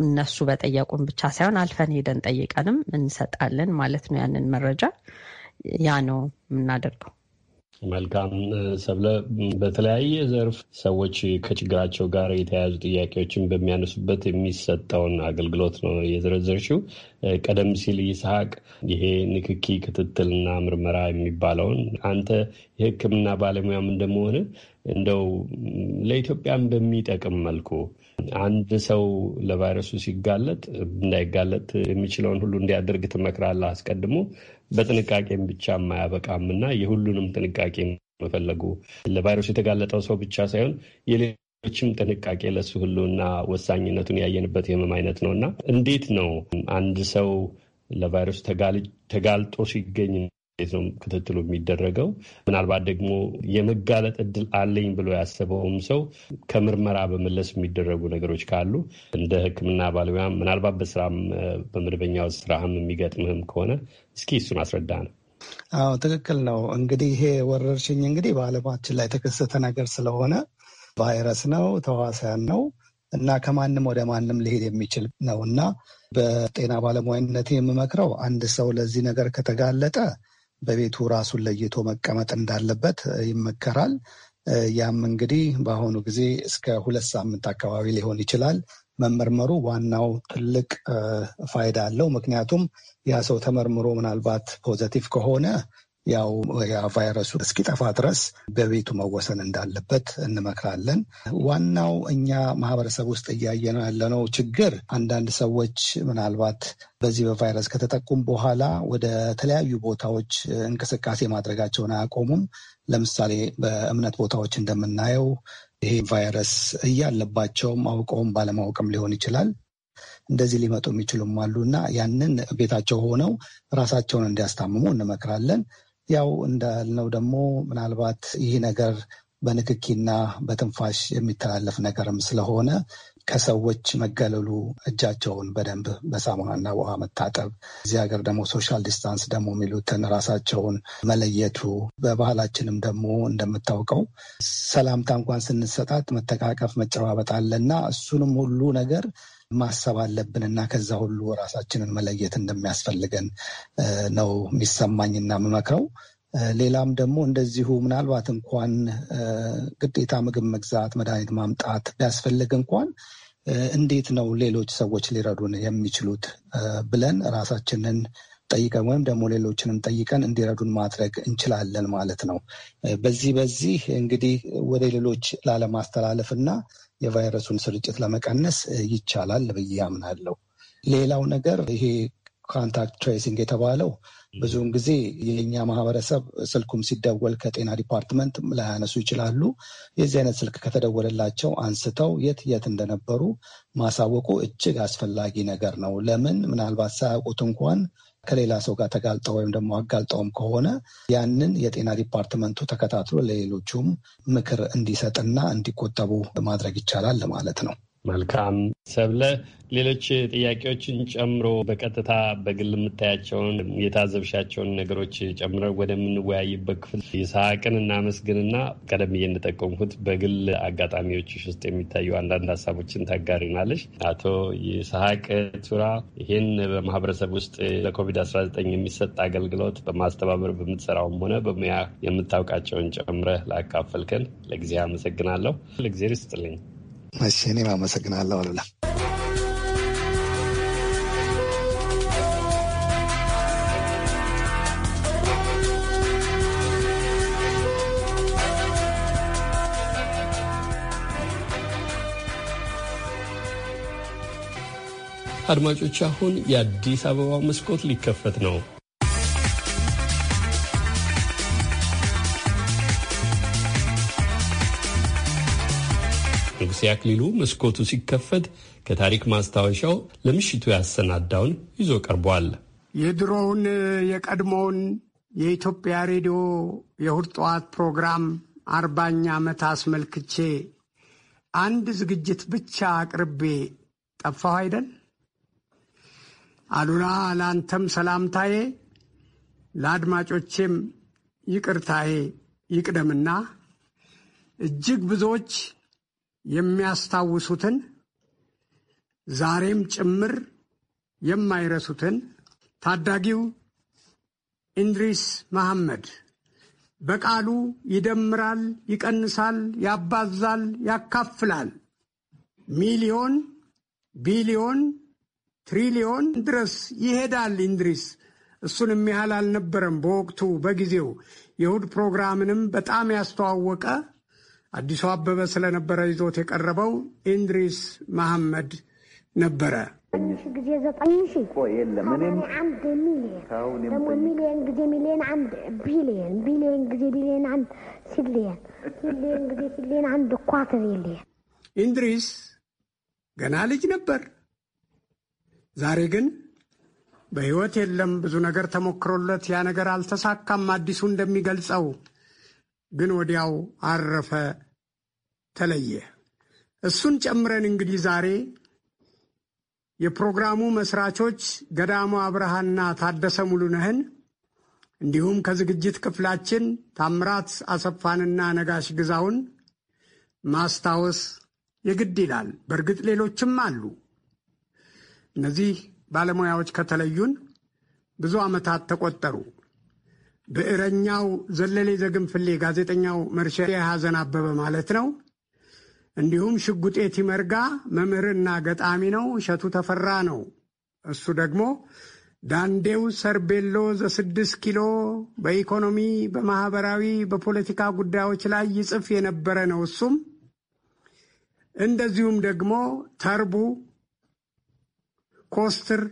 እነሱ በጠየቁን ብቻ ሳይሆን አልፈን ሄደን ጠይቀንም እንሰጣለን ማለት ነው። ያንን መረጃ ያ ነው የምናደርገው። መልካም ሰብለ፣ በተለያየ ዘርፍ ሰዎች ከችግራቸው ጋር የተያያዙ ጥያቄዎችን በሚያነሱበት የሚሰጠውን አገልግሎት ነው የዘረዘርሽው። ቀደም ሲል ይስሐቅ ይሄ ንክኪ ክትትልና ምርመራ የሚባለውን አንተ የሕክምና ባለሙያም እንደመሆንህ እንደው ለኢትዮጵያም በሚጠቅም መልኩ አንድ ሰው ለቫይረሱ ሲጋለጥ እንዳይጋለጥ የሚችለውን ሁሉ እንዲያደርግ ትመክራለህ። አስቀድሞ በጥንቃቄም ብቻ የማያበቃም እና የሁሉንም ጥንቃቄ መፈለጉ ለቫይረሱ የተጋለጠው ሰው ብቻ ሳይሆን የሌሎችም ጥንቃቄ ለሱ እና ወሳኝነቱን ያየንበት የህመም አይነት ነው እና እንዴት ነው አንድ ሰው ለቫይረሱ ተጋልጦ ሲገኝ እንዴት ነው ክትትሉ የሚደረገው? ምናልባት ደግሞ የመጋለጥ እድል አለኝ ብሎ ያሰበውም ሰው ከምርመራ በመለስ የሚደረጉ ነገሮች ካሉ እንደ ሕክምና ባለሙያ ምናልባት በስራም በመደበኛው ስራህም የሚገጥምህም ከሆነ እስኪ እሱን አስረዳ ነው። አዎ ትክክል ነው። እንግዲህ ይሄ ወረርሽኝ እንግዲህ በዓለማችን ላይ የተከሰተ ነገር ስለሆነ ቫይረስ ነው፣ ተዋሳያን ነው እና ከማንም ወደ ማንም ሊሄድ የሚችል ነው እና በጤና ባለሙያነት የምመክረው አንድ ሰው ለዚህ ነገር ከተጋለጠ በቤቱ ራሱን ለይቶ መቀመጥ እንዳለበት ይመከራል። ያም እንግዲህ በአሁኑ ጊዜ እስከ ሁለት ሳምንት አካባቢ ሊሆን ይችላል። መመርመሩ ዋናው ትልቅ ፋይዳ አለው። ምክንያቱም ያ ሰው ተመርምሮ ምናልባት ፖዘቲቭ ከሆነ ያው የቫይረሱ እስኪጠፋ ድረስ በቤቱ መወሰን እንዳለበት እንመክራለን። ዋናው እኛ ማህበረሰብ ውስጥ እያየነው ያለነው ችግር አንዳንድ ሰዎች ምናልባት በዚህ በቫይረስ ከተጠቁም በኋላ ወደ ተለያዩ ቦታዎች እንቅስቃሴ ማድረጋቸውን አያቆሙም። ለምሳሌ በእምነት ቦታዎች እንደምናየው ይሄ ቫይረስ እያለባቸውም አውቀውም ባለማወቅም ሊሆን ይችላል እንደዚህ ሊመጡ የሚችሉም አሉ እና ያንን ቤታቸው ሆነው ራሳቸውን እንዲያስታምሙ እንመክራለን። ያው እንዳልነው ደግሞ ምናልባት ይህ ነገር በንክኪና በትንፋሽ የሚተላለፍ ነገርም ስለሆነ ከሰዎች መገለሉ፣ እጃቸውን በደንብ በሳሙናና ውሃ መታጠብ፣ እዚህ ሀገር ደግሞ ሶሻል ዲስታንስ ደግሞ የሚሉትን ራሳቸውን መለየቱ፣ በባህላችንም ደግሞ እንደምታውቀው ሰላምታ እንኳን ስንሰጣት መተቃቀፍ፣ መጨባበጥ አለና እሱንም ሁሉ ነገር ማሰብ አለብን እና ከዛ ሁሉ ራሳችንን መለየት እንደሚያስፈልገን ነው የሚሰማኝና የምመክረው። ሌላም ደግሞ እንደዚሁ ምናልባት እንኳን ግዴታ ምግብ መግዛት፣ መድኃኒት ማምጣት ቢያስፈልግ እንኳን እንዴት ነው ሌሎች ሰዎች ሊረዱን የሚችሉት ብለን ራሳችንን ጠይቀን ወይም ደግሞ ሌሎችንም ጠይቀን እንዲረዱን ማድረግ እንችላለን ማለት ነው። በዚህ በዚህ እንግዲህ ወደ ሌሎች ላለማስተላለፍ እና የቫይረሱን ስርጭት ለመቀነስ ይቻላል ብዬ አምናለሁ። ሌላው ነገር ይሄ ኮንታክት ትሬሲንግ የተባለው ብዙውን ጊዜ የእኛ ማህበረሰብ ስልኩም ሲደወል ከጤና ዲፓርትመንት ላያነሱ ይችላሉ። የዚህ አይነት ስልክ ከተደወለላቸው አንስተው የት የት እንደነበሩ ማሳወቁ እጅግ አስፈላጊ ነገር ነው። ለምን ምናልባት ሳያውቁት እንኳን ከሌላ ሰው ጋር ተጋልጠው ወይም ደግሞ አጋልጠውም ከሆነ ያንን የጤና ዲፓርትመንቱ ተከታትሎ ለሌሎቹም ምክር እንዲሰጥና እንዲቆጠቡ ማድረግ ይቻላል ማለት ነው። መልካም ሰብለ፣ ሌሎች ጥያቄዎችን ጨምሮ በቀጥታ በግል የምታያቸውን የታዘብሻቸውን ነገሮች ጨምረ ወደምንወያይበት ክፍል ይስሐቅን እናመስግንና ቀደም እየንጠቀምኩት በግል አጋጣሚዎችሽ ውስጥ የሚታዩ አንዳንድ ሀሳቦችን ታጋሪናለሽ። አቶ ይስሐቅ ቱራ ይህን በማህበረሰብ ውስጥ ለኮቪድ-19 የሚሰጥ አገልግሎት በማስተባበር በምትሰራውም ሆነ በሙያ የምታውቃቸውን ጨምረ ላካፈልከን ለጊዜ አመሰግናለሁ። ለጊዜ ይስጥልኝ። እሺ፣ እኔም አመሰግናለሁ አሉላ። አድማጮች አሁን የአዲስ አበባ መስኮት ሊከፈት ነው። ንጉሴ አክሊሉ መስኮቱ ሲከፈት ከታሪክ ማስታወሻው ለምሽቱ ያሰናዳውን ይዞ ቀርቧል። የድሮውን የቀድሞውን የኢትዮጵያ ሬዲዮ የእሁድ ጠዋት ፕሮግራም አርባኛ ዓመት አስመልክቼ አንድ ዝግጅት ብቻ አቅርቤ ጠፋሁ አይደል? አሉና ለአንተም ሰላምታዬ ለአድማጮቼም ይቅርታዬ ይቅደምና እጅግ ብዙዎች የሚያስታውሱትን ዛሬም ጭምር የማይረሱትን ታዳጊው ኢንድሪስ መሐመድ በቃሉ ይደምራል፣ ይቀንሳል፣ ያባዛል፣ ያካፍላል። ሚሊዮን፣ ቢሊዮን፣ ትሪሊዮን ድረስ ይሄዳል ኢንድሪስ። እሱን የሚያህል አልነበረም በወቅቱ በጊዜው የእሁድ ፕሮግራምንም በጣም ያስተዋወቀ አዲሱ አበበ ስለነበረ ይዞት የቀረበው ኢንድሪስ መሐመድ ነበረ። ትንሽ ጊዜ ዘጠኝ ሺ አንድ ሚሊየን ደግሞ ሚሊየን ጊዜ ሚሊየን አንድ ቢሊየን ቢሊየን ጊዜ ቢሊየን አንድ ሲሊየን ሲሊየን ጊዜ ሲሊየን አንድ ኳትር ሚሊየን። ኢንድሪስ ገና ልጅ ነበር። ዛሬ ግን በሕይወት የለም። ብዙ ነገር ተሞክሮለት ያ ነገር አልተሳካም። አዲሱ እንደሚገልጸው ግን ወዲያው አረፈ ተለየ። እሱን ጨምረን እንግዲህ ዛሬ የፕሮግራሙ መስራቾች ገዳሙ አብርሃና ታደሰ ሙሉነህን እንዲሁም ከዝግጅት ክፍላችን ታምራት አሰፋንና ነጋሽ ግዛውን ማስታወስ የግድ ይላል። በእርግጥ ሌሎችም አሉ። እነዚህ ባለሙያዎች ከተለዩን ብዙ ዓመታት ተቆጠሩ። ብዕረኛው ዘለሌ ዘግንፍሌ፣ ጋዜጠኛው መርሸ ሐዘን አበበ ማለት ነው። እንዲሁም ሽጉጤ ቲመርጋ መምህርና ገጣሚ ነው። እሸቱ ተፈራ ነው። እሱ ደግሞ ዳንዴው ሰርቤሎ ዘስድስት ኪሎ በኢኮኖሚ በማህበራዊ በፖለቲካ ጉዳዮች ላይ ይጽፍ የነበረ ነው። እሱም እንደዚሁም ደግሞ ተርቡ ኮስትር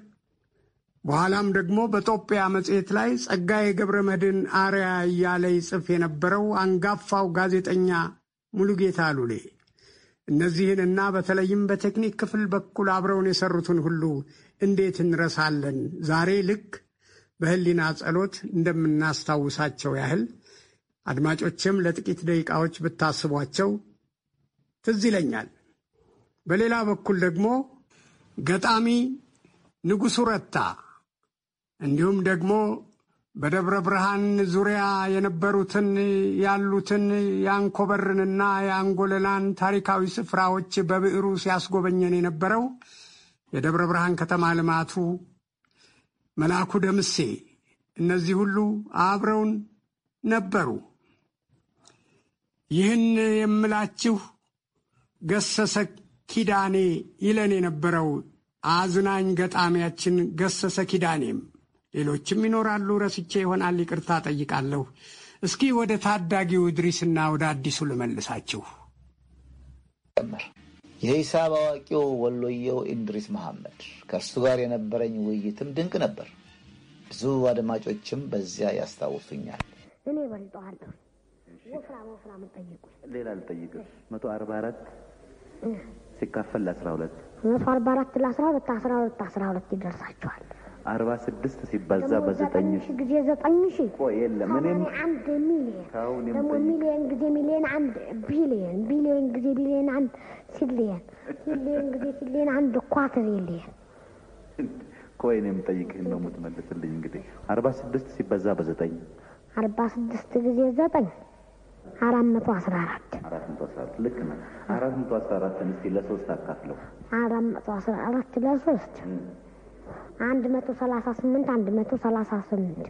በኋላም ደግሞ በጦጵያ መጽሔት ላይ ጸጋዬ ገብረ መድን አርያ እያለ ይጽፍ የነበረው አንጋፋው ጋዜጠኛ ሙሉጌታ ሉሌ እነዚህንና በተለይም በቴክኒክ ክፍል በኩል አብረውን የሰሩትን ሁሉ እንዴት እንረሳለን? ዛሬ ልክ በህሊና ጸሎት እንደምናስታውሳቸው ያህል አድማጮችም ለጥቂት ደቂቃዎች ብታስቧቸው ትዝ ይለኛል። በሌላ በኩል ደግሞ ገጣሚ ንጉሡ ረታ እንዲሁም ደግሞ በደብረ ብርሃን ዙሪያ የነበሩትን ያሉትን የአንኮበርንና የአንጎለላን ታሪካዊ ስፍራዎች በብዕሩ ሲያስጎበኘን የነበረው የደብረ ብርሃን ከተማ ልማቱ መላኩ ደምሴ፣ እነዚህ ሁሉ አብረውን ነበሩ። ይህን የምላችሁ ገሰሰ ኪዳኔ ይለን የነበረው አዝናኝ ገጣሚያችን ገሰሰ ኪዳኔም ሌሎችም ይኖራሉ። ረስቼ ይሆናል፣ ይቅርታ ጠይቃለሁ። እስኪ ወደ ታዳጊው እድሪስና ወደ አዲሱ ልመልሳችሁ። የሂሳብ አዋቂው ወሎየው ኢድሪስ መሐመድ ከእርሱ ጋር የነበረኝ ውይይትም ድንቅ ነበር። ብዙ አድማጮችም በዚያ ያስታውሱኛል። እኔ በልጠዋለሁ። ወፍራም ወፍራም ጠይቁ። ሌላ ልጠይቅ። መቶ አርባ አራት ሲካፈል ለአስራ ሁለት መቶ አርባ አራት ለአስራ ሁለት አስራ ሁለት አስራ ሁለት ይደርሳችኋል። አርባ ስድስት ሲባዛ በዘጠኝ ሺህ ጊዜ ዘጠኝ ሺ ቆይ የለም እኔም አንድ ሚሊዮን ደግሞ ሚሊዮን ጊዜ ሚሊዮን አንድ ቢሊዮን ቢሊዮን ጊዜ ቢሊዮን አንድ ሲሊዮን ሲሊዮን ጊዜ ሲሊዮን አንድ ኳትር ሚሊዮን ቆይ እኔም ጠይቅህን ነው የምትመልስልኝ እንግዲህ አርባ ስድስት ሲባዛ በዘጠኝ አርባ ስድስት ጊዜ ዘጠኝ አራት መቶ አስራ አራት አራት መቶ አስራ አራት ልክ ነህ አራት መቶ አስራ እስኪ ለሶስት አካፍለው አራት መቶ አስራ አራት ለሶስት አንድ መቶ ሰላሳ ስምንት አንድ መቶ ሰላሳ ስምንት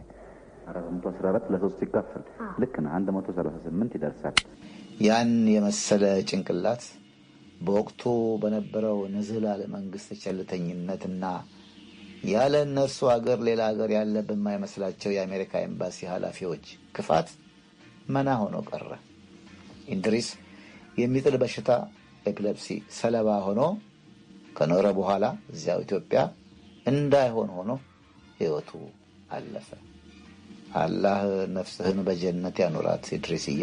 አራት መቶ አስራ አራት ለሶስት ይካፈል ልክ ነህ። አንድ መቶ ሰላሳ ስምንት ይደርሳል። ያን የመሰለ ጭንቅላት በወቅቱ በነበረው ንዝህላለ መንግስት ቸልተኝነትና ያለ እነርሱ አገር ሌላ አገር ያለ በማይመስላቸው የአሜሪካ ኤምባሲ ኃላፊዎች ክፋት መና ሆኖ ቀረ። ኢድሪስ የሚጥል በሽታ ኤፒለፕሲ ሰለባ ሆኖ ከኖረ በኋላ እዚያው ኢትዮጵያ እንዳይሆን ሆኖ ሕይወቱ አለፈ። አላህ ነፍስህን በጀነት ያኖራት ኢድሪስዬ።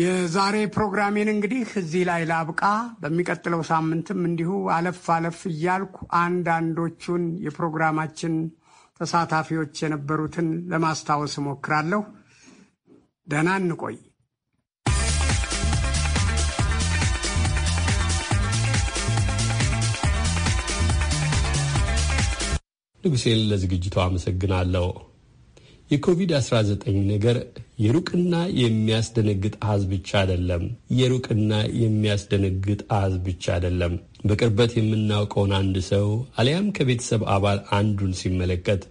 የዛሬ ፕሮግራሜን እንግዲህ እዚህ ላይ ላብቃ። በሚቀጥለው ሳምንትም እንዲሁ አለፍ አለፍ እያልኩ አንዳንዶቹን የፕሮግራማችን ተሳታፊዎች የነበሩትን ለማስታወስ እሞክራለሁ። ደህና እንቆይ። ንጉሴን ለዝግጅቱ አመሰግናለሁ። የኮቪድ-19 ነገር የሩቅና የሚያስደነግጥ አሃዝ ብቻ አይደለም። የሩቅና የሚያስደነግጥ አሃዝ ብቻ አይደለም። በቅርበት የምናውቀውን አንድ ሰው አሊያም ከቤተሰብ አባል አንዱን ሲመለከት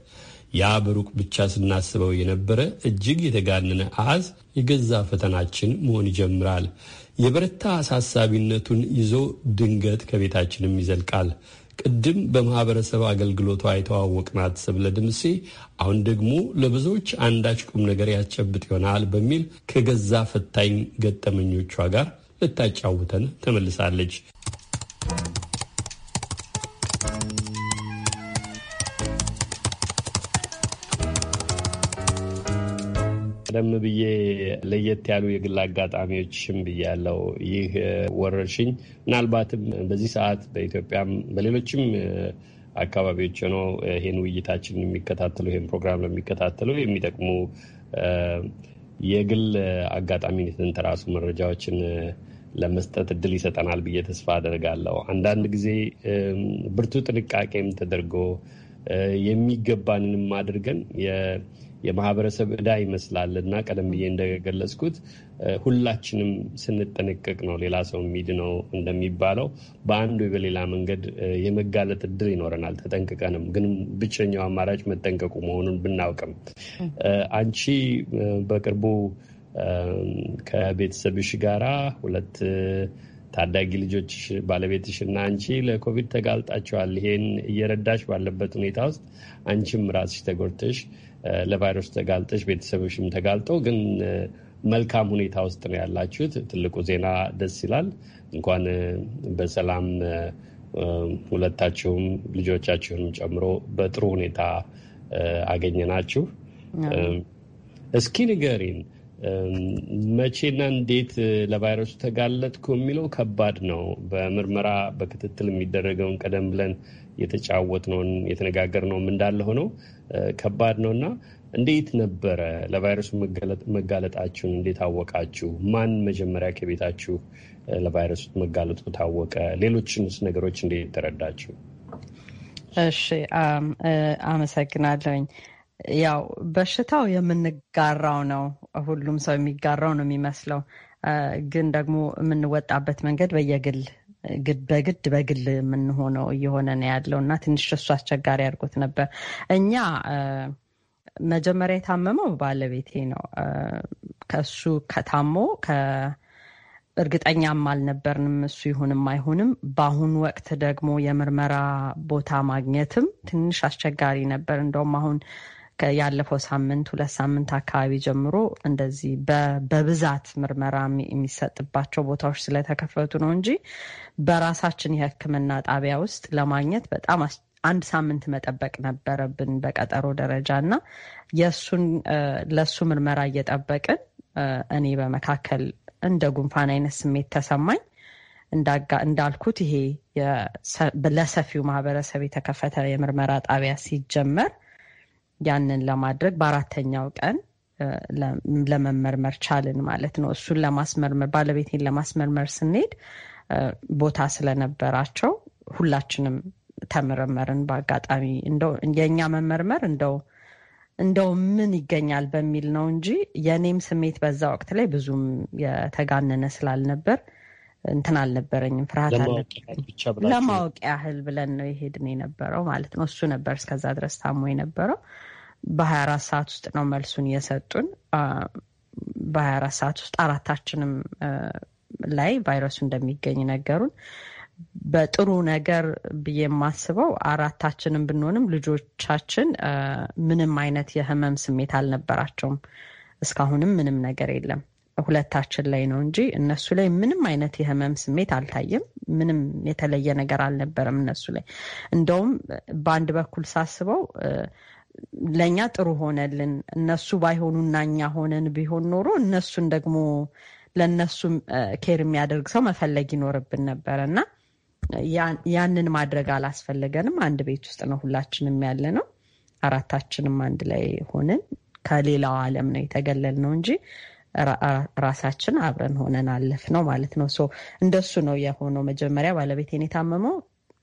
ያ በሩቅ ብቻ ስናስበው የነበረ እጅግ የተጋነነ አሃዝ የገዛ ፈተናችን መሆን ይጀምራል። የበረታ አሳሳቢነቱን ይዞ ድንገት ከቤታችንም ይዘልቃል። ቅድም በማህበረሰብ አገልግሎቷ የተዋወቅናት ሰብለ ድምሴ አሁን ደግሞ ለብዙዎች አንዳች ቁም ነገር ያስጨብጥ ይሆናል በሚል ከገዛ ፈታኝ ገጠመኞቿ ጋር ልታጫውተን ተመልሳለች። ቀደም ብዬ ለየት ያሉ የግል አጋጣሚዎችም ብያለው። ይህ ወረርሽኝ ምናልባትም በዚህ ሰዓት በኢትዮጵያም በሌሎችም አካባቢዎች ሆኖ ይህን ውይይታችን የሚከታተሉ ይህን ፕሮግራም ለሚከታተሉ የሚጠቅሙ የግል አጋጣሚን የተንተራሱ መረጃዎችን ለመስጠት እድል ይሰጠናል ብዬ ተስፋ አደርጋለሁ። አንዳንድ ጊዜ ብርቱ ጥንቃቄም ተደርጎ የሚገባንንም አድርገን የማህበረሰብ እዳ ይመስላል እና ቀደም ብዬ እንደገለጽኩት ሁላችንም ስንጠነቀቅ ነው ሌላ ሰው የሚድ ነው እንደሚባለው በአንዱ በሌላ መንገድ የመጋለጥ እድል ይኖረናል። ተጠንቅቀንም ግን ብቸኛው አማራጭ መጠንቀቁ መሆኑን ብናውቅም አንቺ በቅርቡ ከቤተሰብሽ ጋራ ሁለት ታዳጊ ልጆች ባለቤትሽና አንቺ ለኮቪድ ተጋልጣቸዋል ይሄን እየረዳሽ ባለበት ሁኔታ ውስጥ አንቺም ራስሽ ተጎድተሽ ለቫይረሱ ተጋልጠሽ ቤተሰብሽም ተጋልጦ ግን መልካም ሁኔታ ውስጥ ነው ያላችሁት። ትልቁ ዜና ደስ ይላል። እንኳን በሰላም ሁለታችሁም ልጆቻችሁንም ጨምሮ በጥሩ ሁኔታ አገኘናችሁ። እስኪ ንገሪን መቼና እንዴት ለቫይረሱ ተጋለጥኩ የሚለው ከባድ ነው። በምርመራ በክትትል የሚደረገውን ቀደም ብለን የተጫወትነውን የተነጋገርነውም እንዳለ ሆኖ ከባድ ነው እና እንዴት ነበረ ለቫይረሱ መጋለጣችሁን እንዴት አወቃችሁ? ማን መጀመሪያ ከቤታችሁ ለቫይረሱ መጋለጡ ታወቀ? ሌሎችንስ ነገሮች እንዴት ተረዳችሁ? እሺ አመሰግናለሁኝ። ያው በሽታው የምንጋራው ነው። ሁሉም ሰው የሚጋራው ነው የሚመስለው። ግን ደግሞ የምንወጣበት መንገድ በየግል በግድ በግል የምንሆነው እየሆነ ነው ያለው እና ትንሽ እሱ አስቸጋሪ አድርጎት ነበር። እኛ መጀመሪያ የታመመው ባለቤቴ ነው። ከእሱ ከታሞ እርግጠኛም አልነበርንም እሱ ይሁንም አይሁንም። በአሁኑ ወቅት ደግሞ የምርመራ ቦታ ማግኘትም ትንሽ አስቸጋሪ ነበር። እንደውም አሁን ያለፈው ሳምንት ሁለት ሳምንት አካባቢ ጀምሮ እንደዚህ በብዛት ምርመራ የሚሰጥባቸው ቦታዎች ስለተከፈቱ ነው እንጂ በራሳችን የሕክምና ጣቢያ ውስጥ ለማግኘት በጣም አንድ ሳምንት መጠበቅ ነበረብን በቀጠሮ ደረጃ እና የእሱን ለእሱ ምርመራ እየጠበቅን እኔ በመካከል እንደ ጉንፋን አይነት ስሜት ተሰማኝ። እንዳልኩት ይሄ ለሰፊው ማህበረሰብ የተከፈተ የምርመራ ጣቢያ ሲጀመር ያንን ለማድረግ በአራተኛው ቀን ለመመርመር ቻልን ማለት ነው። እሱን ለማስመርመር ባለቤቴን ለማስመርመር ስንሄድ ቦታ ስለነበራቸው ሁላችንም ተመረመርን። በአጋጣሚ የእኛ መመርመር እንደው እንደው ምን ይገኛል በሚል ነው እንጂ የእኔም ስሜት በዛ ወቅት ላይ ብዙም የተጋነነ ስላልነበር እንትን አልነበረኝም፣ ፍርሃት አልነበረኝም። ለማወቅ ያህል ብለን ነው የሄድን የነበረው ማለት ነው። እሱ ነበር እስከዛ ድረስ ታሞ የነበረው። በሀያ አራት ሰዓት ውስጥ ነው መልሱን የሰጡን። በሀያ አራት ሰዓት ውስጥ አራታችንም ላይ ቫይረሱ እንደሚገኝ ነገሩን። በጥሩ ነገር ብዬ የማስበው አራታችንም ብንሆንም ልጆቻችን ምንም አይነት የህመም ስሜት አልነበራቸውም። እስካሁንም ምንም ነገር የለም። ሁለታችን ላይ ነው እንጂ እነሱ ላይ ምንም አይነት የህመም ስሜት አልታየም። ምንም የተለየ ነገር አልነበረም እነሱ ላይ። እንደውም በአንድ በኩል ሳስበው ለእኛ ጥሩ ሆነልን። እነሱ እና እኛ ሆነን ቢሆን ኖሮ እነሱን ደግሞ ለእነሱ ኬር የሚያደርግ ሰው መፈለግ ይኖርብን ነበር እና ያንን ማድረግ አላስፈለገንም። አንድ ቤት ውስጥ ነው ሁላችንም ያለ ነው። አራታችንም አንድ ላይ ሆንን ከሌላው ዓለም ነው የተገለል ነው እንጂ ራሳችን አብረን ሆነን አለፍ ነው ማለት ነው። እንደሱ ነው የሆነው። መጀመሪያ ባለቤቴን የታመመው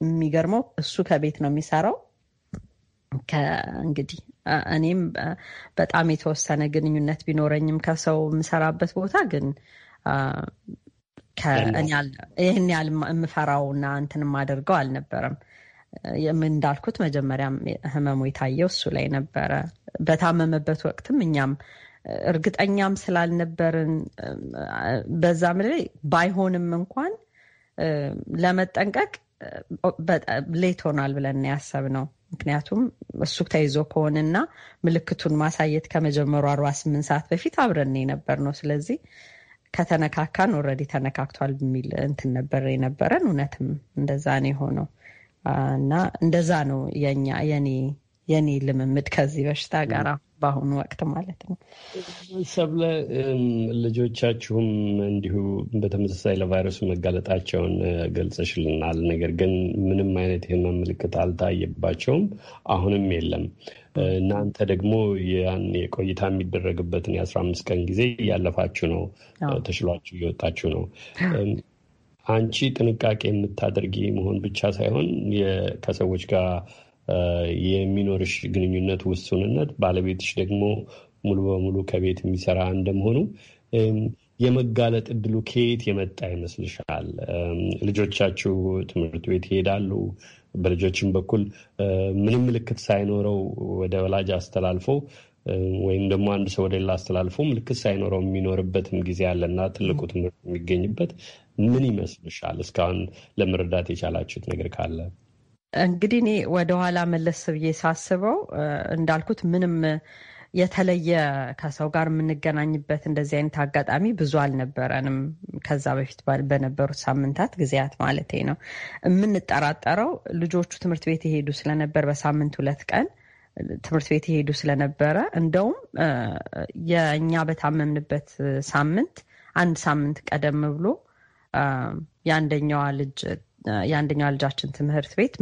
የሚገርመው እሱ ከቤት ነው የሚሰራው እንግዲህ እኔም በጣም የተወሰነ ግንኙነት ቢኖረኝም ከሰው የምሰራበት ቦታ ግን ይህን ያህል የምፈራውና እንትን የማደርገው አልነበረም። እንዳልኩት መጀመሪያም ህመሙ የታየው እሱ ላይ ነበረ። በታመመበት ወቅትም እኛም እርግጠኛም ስላልነበርን በዛ ምድር ባይሆንም እንኳን ለመጠንቀቅ ሌት ሆኗል ብለን ነው። ምክንያቱም እሱ ተይዞ ከሆነና ምልክቱን ማሳየት ከመጀመሩ አርባ ስምንት ሰዓት በፊት አብረን የነበር ነው። ስለዚህ ከተነካካን ኦልሬዲ ተነካክቷል በሚል እንትን ነበር የነበረን። እውነትም እንደዛ ነው የሆነው እና እንደዛ ነው የኛ የኔ የኔ ልምምድ ከዚህ በሽታ ጋር አሁን በአሁኑ ወቅት ማለት ነው። ሰብለ፣ ልጆቻችሁም እንዲሁ በተመሳሳይ ለቫይረሱ መጋለጣቸውን ገልጸሽልናል። ነገር ግን ምንም አይነት የህመም ምልክት አልታየባቸውም፣ አሁንም የለም። እናንተ ደግሞ ያን የቆይታ የሚደረግበትን የአስራ አምስት ቀን ጊዜ እያለፋችሁ ነው፣ ተሽሏችሁ እየወጣችሁ ነው። አንቺ ጥንቃቄ የምታደርጊ መሆን ብቻ ሳይሆን ከሰዎች ጋር የሚኖርሽ ግንኙነት ውሱንነት፣ ባለቤትሽ ደግሞ ሙሉ በሙሉ ከቤት የሚሰራ እንደመሆኑ የመጋለጥ እድሉ ከየት የመጣ ይመስልሻል? ልጆቻችሁ ትምህርት ቤት ይሄዳሉ። በልጆችም በኩል ምንም ምልክት ሳይኖረው ወደ ወላጅ አስተላልፎ ወይም ደግሞ አንድ ሰው ወደ ሌላ አስተላልፎ ምልክት ሳይኖረው የሚኖርበትም ጊዜ ያለና ትልቁ ትምህርት የሚገኝበት ምን ይመስልሻል? እስካሁን ለመረዳት የቻላችሁት ነገር ካለ እንግዲህ እኔ ወደኋላ መለስ ብዬ ሳስበው እንዳልኩት ምንም የተለየ ከሰው ጋር የምንገናኝበት እንደዚህ አይነት አጋጣሚ ብዙ አልነበረንም። ከዛ በፊት በነበሩት ሳምንታት ጊዜያት ማለት ነው። የምንጠራጠረው ልጆቹ ትምህርት ቤት የሄዱ ስለነበር በሳምንት ሁለት ቀን ትምህርት ቤት የሄዱ ስለነበረ እንደውም የእኛ በታመምንበት ሳምንት አንድ ሳምንት ቀደም ብሎ የአንደኛዋ ልጅ የአንደኛዋ ልጃችን ትምህርት ቤት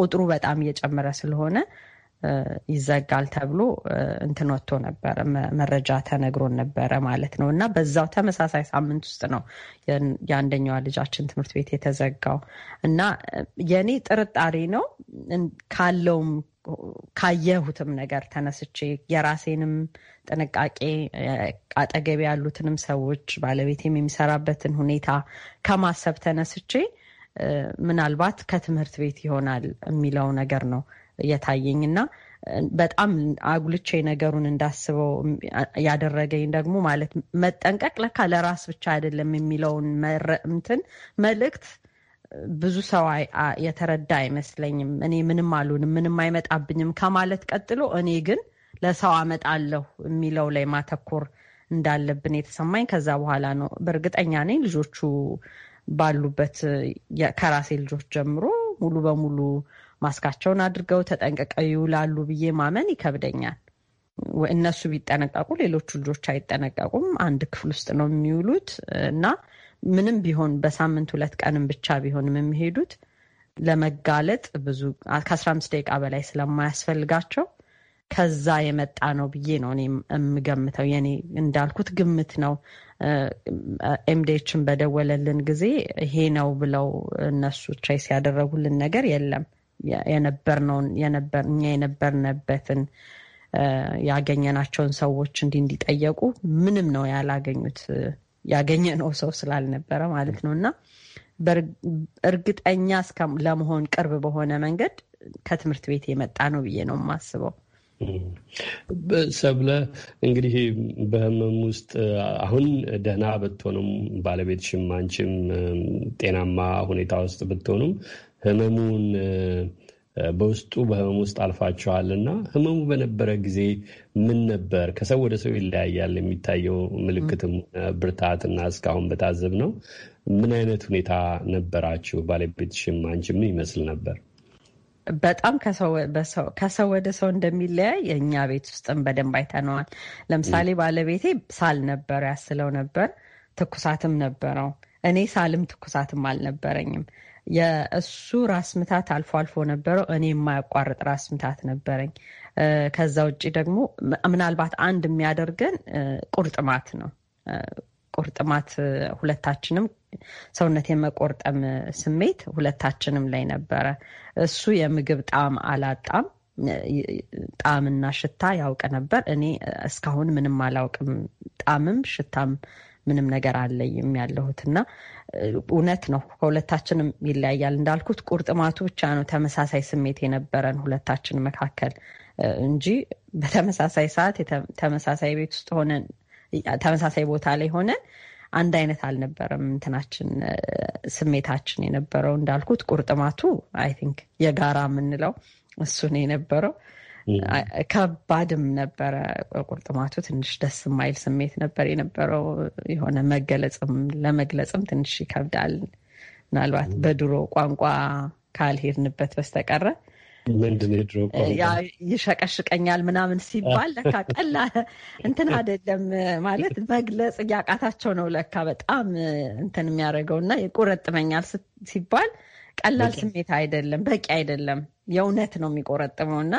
ቁጥሩ በጣም እየጨመረ ስለሆነ ይዘጋል ተብሎ እንትን ወጥቶ ነበረ፣ መረጃ ተነግሮን ነበረ ማለት ነው። እና በዛው ተመሳሳይ ሳምንት ውስጥ ነው የአንደኛዋ ልጃችን ትምህርት ቤት የተዘጋው። እና የኔ ጥርጣሬ ነው ካለውም ካየሁትም ነገር ተነስቼ የራሴንም ጥንቃቄ አጠገቤ ያሉትንም ሰዎች ባለቤቴም የሚሰራበትን ሁኔታ ከማሰብ ተነስቼ ምናልባት ከትምህርት ቤት ይሆናል የሚለው ነገር ነው እየታየኝ እና በጣም አጉልቼ ነገሩን እንዳስበው ያደረገኝ ደግሞ ማለት መጠንቀቅ ለካ ለራስ ብቻ አይደለም የሚለውን መረምትን መልእክት ብዙ ሰው የተረዳ አይመስለኝም። እኔ ምንም አልሆንም፣ ምንም አይመጣብኝም ከማለት ቀጥሎ እኔ ግን ለሰው አመጣለሁ የሚለው ላይ ማተኮር እንዳለብን የተሰማኝ ከዛ በኋላ ነው። በእርግጠኛ ነኝ ልጆቹ ባሉበት ከራሴ ልጆች ጀምሮ ሙሉ በሙሉ ማስካቸውን አድርገው ተጠንቀቀው ይውላሉ ብዬ ማመን ይከብደኛል። እነሱ ቢጠነቀቁ ሌሎቹ ልጆች አይጠነቀቁም። አንድ ክፍል ውስጥ ነው የሚውሉት እና ምንም ቢሆን በሳምንት ሁለት ቀንም ብቻ ቢሆንም የሚሄዱት ለመጋለጥ ብዙ ከአስራ አምስት ደቂቃ በላይ ስለማያስፈልጋቸው ከዛ የመጣ ነው ብዬ ነው እኔ የምገምተው። የኔ እንዳልኩት ግምት ነው። ኤምዴችን በደወለልን ጊዜ ይሄ ነው ብለው እነሱ ትሬስ ያደረጉልን ነገር የለም። የነበርነውን እኛ የነበርንበትን ያገኘናቸውን ሰዎች እንዲህ እንዲጠየቁ ምንም ነው ያላገኙት። ያገኘነው ሰው ስላልነበረ ማለት ነው እና እርግጠኛ ለመሆን ቅርብ በሆነ መንገድ ከትምህርት ቤት የመጣ ነው ብዬ ነው የማስበው። ሰብለ እንግዲህ በህመም ውስጥ አሁን ደህና ብትሆኑም ባለቤትሽም አንቺም ጤናማ ሁኔታ ውስጥ ብትሆኑም ህመሙን በውስጡ በህመም ውስጥ አልፋችኋል እና ህመሙ በነበረ ጊዜ ምን ነበር? ከሰው ወደ ሰው ይለያያል የሚታየው ምልክትም ብርታትና እስካሁን በታዘብ ነው። ምን አይነት ሁኔታ ነበራችሁ? ባለቤትሽም አንቺ ምን ይመስል ነበር? በጣም ከሰው ወደ ሰው እንደሚለያይ የእኛ ቤት ውስጥም በደንብ አይተነዋል። ለምሳሌ ባለቤቴ ሳል ነበር ያስለው ነበር፣ ትኩሳትም ነበረው። እኔ ሳልም ትኩሳትም አልነበረኝም። የእሱ ራስ ምታት አልፎ አልፎ ነበረው። እኔ የማያቋርጥ ራስ ምታት ነበረኝ። ከዛ ውጭ ደግሞ ምናልባት አንድ የሚያደርገን ቁርጥማት ነው። ቁርጥማት ሁለታችንም ሰውነት የመቆርጠም ስሜት ሁለታችንም ላይ ነበረ። እሱ የምግብ ጣዕም አላጣም ጣዕምና ሽታ ያውቅ ነበር። እኔ እስካሁን ምንም አላውቅም። ጣዕምም ሽታም ምንም ነገር አለይም ያለሁት እና እውነት ነው ከሁለታችንም ይለያያል። እንዳልኩት ቁርጥማቱ ብቻ ነው ተመሳሳይ ስሜት የነበረን ሁለታችን መካከል እንጂ በተመሳሳይ ሰዓት ተመሳሳይ ቤት ውስጥ ሆነን ተመሳሳይ ቦታ ላይ ሆነን አንድ አይነት አልነበረም እንትናችን ስሜታችን የነበረው እንዳልኩት ቁርጥማቱ አይ ቲንክ የጋራ የምንለው እሱን የነበረው ከባድም ነበረ። ቁርጥማቱ ትንሽ ደስ የማይል ስሜት ነበር የነበረው። የሆነ መገለጽም ለመግለጽም ትንሽ ይከብዳል። ምናልባት በድሮ ቋንቋ ካልሄድንበት በስተቀረ ምንድን የድሮ ይሸቀሽቀኛል ምናምን ሲባል ለካ ቀላ እንትን አይደለም ማለት መግለጽ እያቃታቸው ነው። ለካ በጣም እንትን የሚያደርገው እና ይቆረጥመኛል ሲባል ቀላል ስሜት አይደለም፣ በቂ አይደለም። የእውነት ነው የሚቆረጥመው እና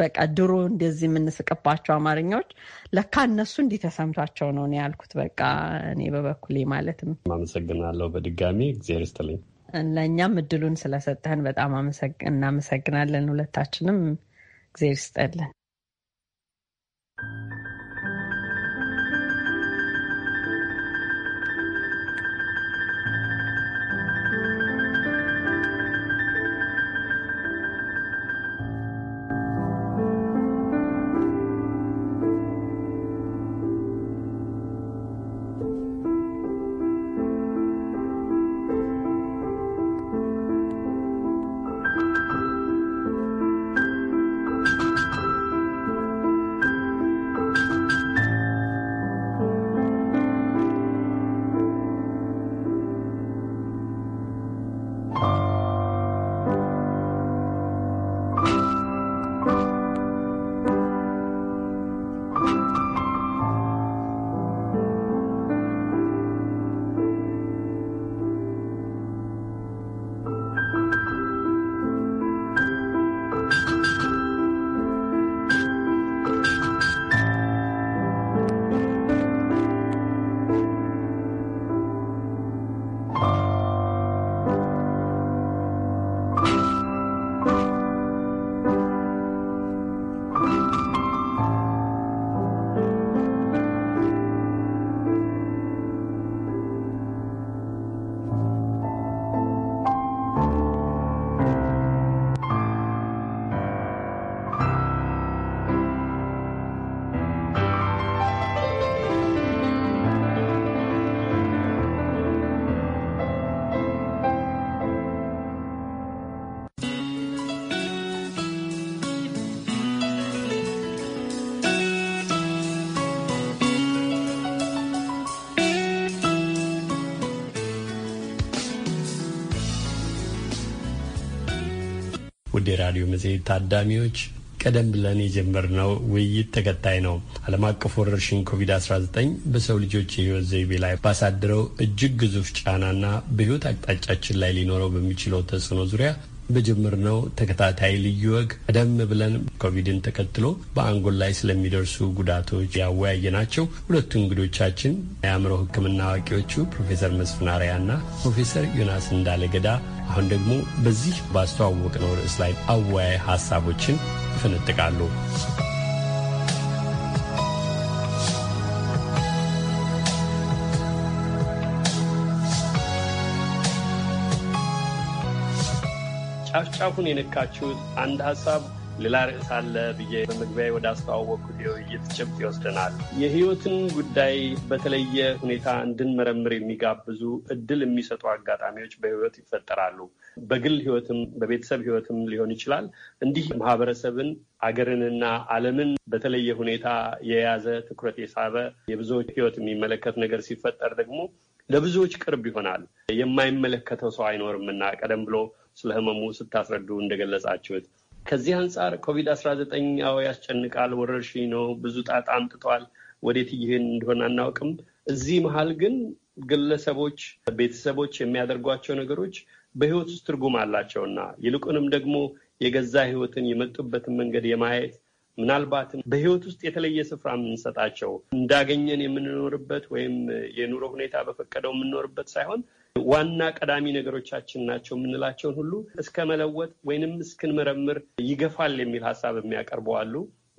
በቃ ድሮ እንደዚህ የምንስቅባቸው አማርኛዎች ለካ እነሱ እንዲህ ተሰምቷቸው ነው ያልኩት። በቃ እኔ በበኩሌ ማለትም አመሰግናለሁ በድጋሚ እግዚአብሔር ይስጥልኝ። ለእኛም እድሉን ስለሰጠህን በጣም እናመሰግናለን። ሁለታችንም እግዜር ይስጠልን። የራዲዮ መጽሔት ታዳሚዎች ቀደም ብለን የጀመርነው ውይይት ተከታይ ነው። ዓለም አቀፍ ወረርሽኝ ኮቪድ-19 በሰው ልጆች የህይወት ዘይቤ ላይ ባሳድረው እጅግ ግዙፍ ጫናና በህይወት አቅጣጫችን ላይ ሊኖረው በሚችለው ተጽዕኖ ዙሪያ ነው ተከታታይ ልዩ ወግ ቀደም ብለን ኮቪድን ተከትሎ በአንጎል ላይ ስለሚደርሱ ጉዳቶች ናቸው። ሁለቱ እንግዶቻችን የአእምሮ ሕክምና አዋቂዎቹ ፕሮፌሰር መስፍን እና ፕሮፌሰር ዮናስ እንዳለገዳ አሁን ደግሞ በዚህ ባስተዋወቅነው ርዕስ ላይ አወያይ ሀሳቦችን ይፈነጥቃሉ። ጫፍ ጫፉን የነካችሁት አንድ ሀሳብ ሌላ ርዕስ አለ ብዬ በመግቢያ ወደ አስተዋወቅኩት የውይይት ጭብጥ ይወስደናል። የህይወትን ጉዳይ በተለየ ሁኔታ እንድንመረምር የሚጋብዙ እድል የሚሰጡ አጋጣሚዎች በህይወት ይፈጠራሉ። በግል ህይወትም በቤተሰብ ህይወትም ሊሆን ይችላል። እንዲህ ማህበረሰብን አገርንና ዓለምን በተለየ ሁኔታ የያዘ ትኩረት የሳበ የብዙዎች ህይወት የሚመለከት ነገር ሲፈጠር ደግሞ ለብዙዎች ቅርብ ይሆናል። የማይመለከተው ሰው አይኖርምና ቀደም ብሎ ስለ ህመሙ ስታስረዱ እንደገለጻችሁት ከዚህ አንጻር ኮቪድ-19 አዎ ያስጨንቃል፣ ወረርሽኝ ነው፣ ብዙ ጣጣ አምጥቷል፣ ወዴት ይህን እንደሆነ አናውቅም። እዚህ መሀል ግን ግለሰቦች፣ ቤተሰቦች የሚያደርጓቸው ነገሮች በህይወት ውስጥ ትርጉም አላቸውና ይልቁንም ደግሞ የገዛ ህይወትን የመጡበትን መንገድ የማየት ምናልባትም በህይወት ውስጥ የተለየ ስፍራ የምንሰጣቸው እንዳገኘን የምንኖርበት ወይም የኑሮ ሁኔታ በፈቀደው የምንኖርበት ሳይሆን ዋና ቀዳሚ ነገሮቻችን ናቸው የምንላቸውን ሁሉ እስከ መለወጥ ወይንም እስክንመረምር ይገፋል የሚል ሀሳብ የሚያቀርበዋሉ። አሉ።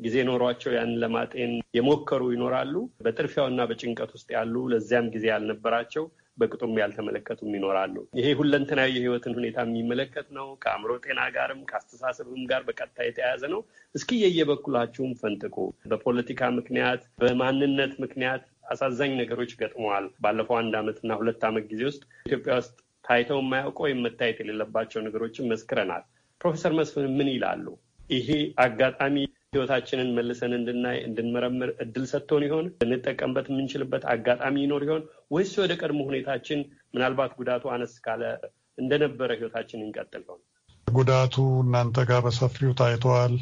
ጊዜ ኖሯቸው ያንን ለማጤን የሞከሩ ይኖራሉ። በጥርፊያውና በጭንቀት ውስጥ ያሉ፣ ለዚያም ጊዜ ያልነበራቸው በቅጡም ያልተመለከቱም ይኖራሉ። ይሄ ሁለንተናዊ የህይወትን ሁኔታ የሚመለከት ነው። ከአእምሮ ጤና ጋርም ከአስተሳሰብም ጋር በቀጥታ የተያያዘ ነው። እስኪ የየበኩላችሁም ፈንጥቁ። በፖለቲካ ምክንያት፣ በማንነት ምክንያት አሳዛኝ ነገሮች ገጥመዋል። ባለፈው አንድ ዓመትና ሁለት ዓመት ጊዜ ውስጥ ኢትዮጵያ ውስጥ ታይተው የማያውቀው ወይም መታየት የሌለባቸው ነገሮችን መስክረናል። ፕሮፌሰር መስፍን ምን ይላሉ? ይሄ አጋጣሚ ህይወታችንን መልሰን እንድናይ እንድንመረምር እድል ሰጥቶን ይሆን? ልንጠቀምበት የምንችልበት አጋጣሚ ይኖር ይሆን? ወይስ ወደ ቀድሞ ሁኔታችን ምናልባት ጉዳቱ አነስ ካለ እንደነበረ ህይወታችን እንቀጥል ይሆን? ጉዳቱ እናንተ ጋር በሰፊው ታይተዋል።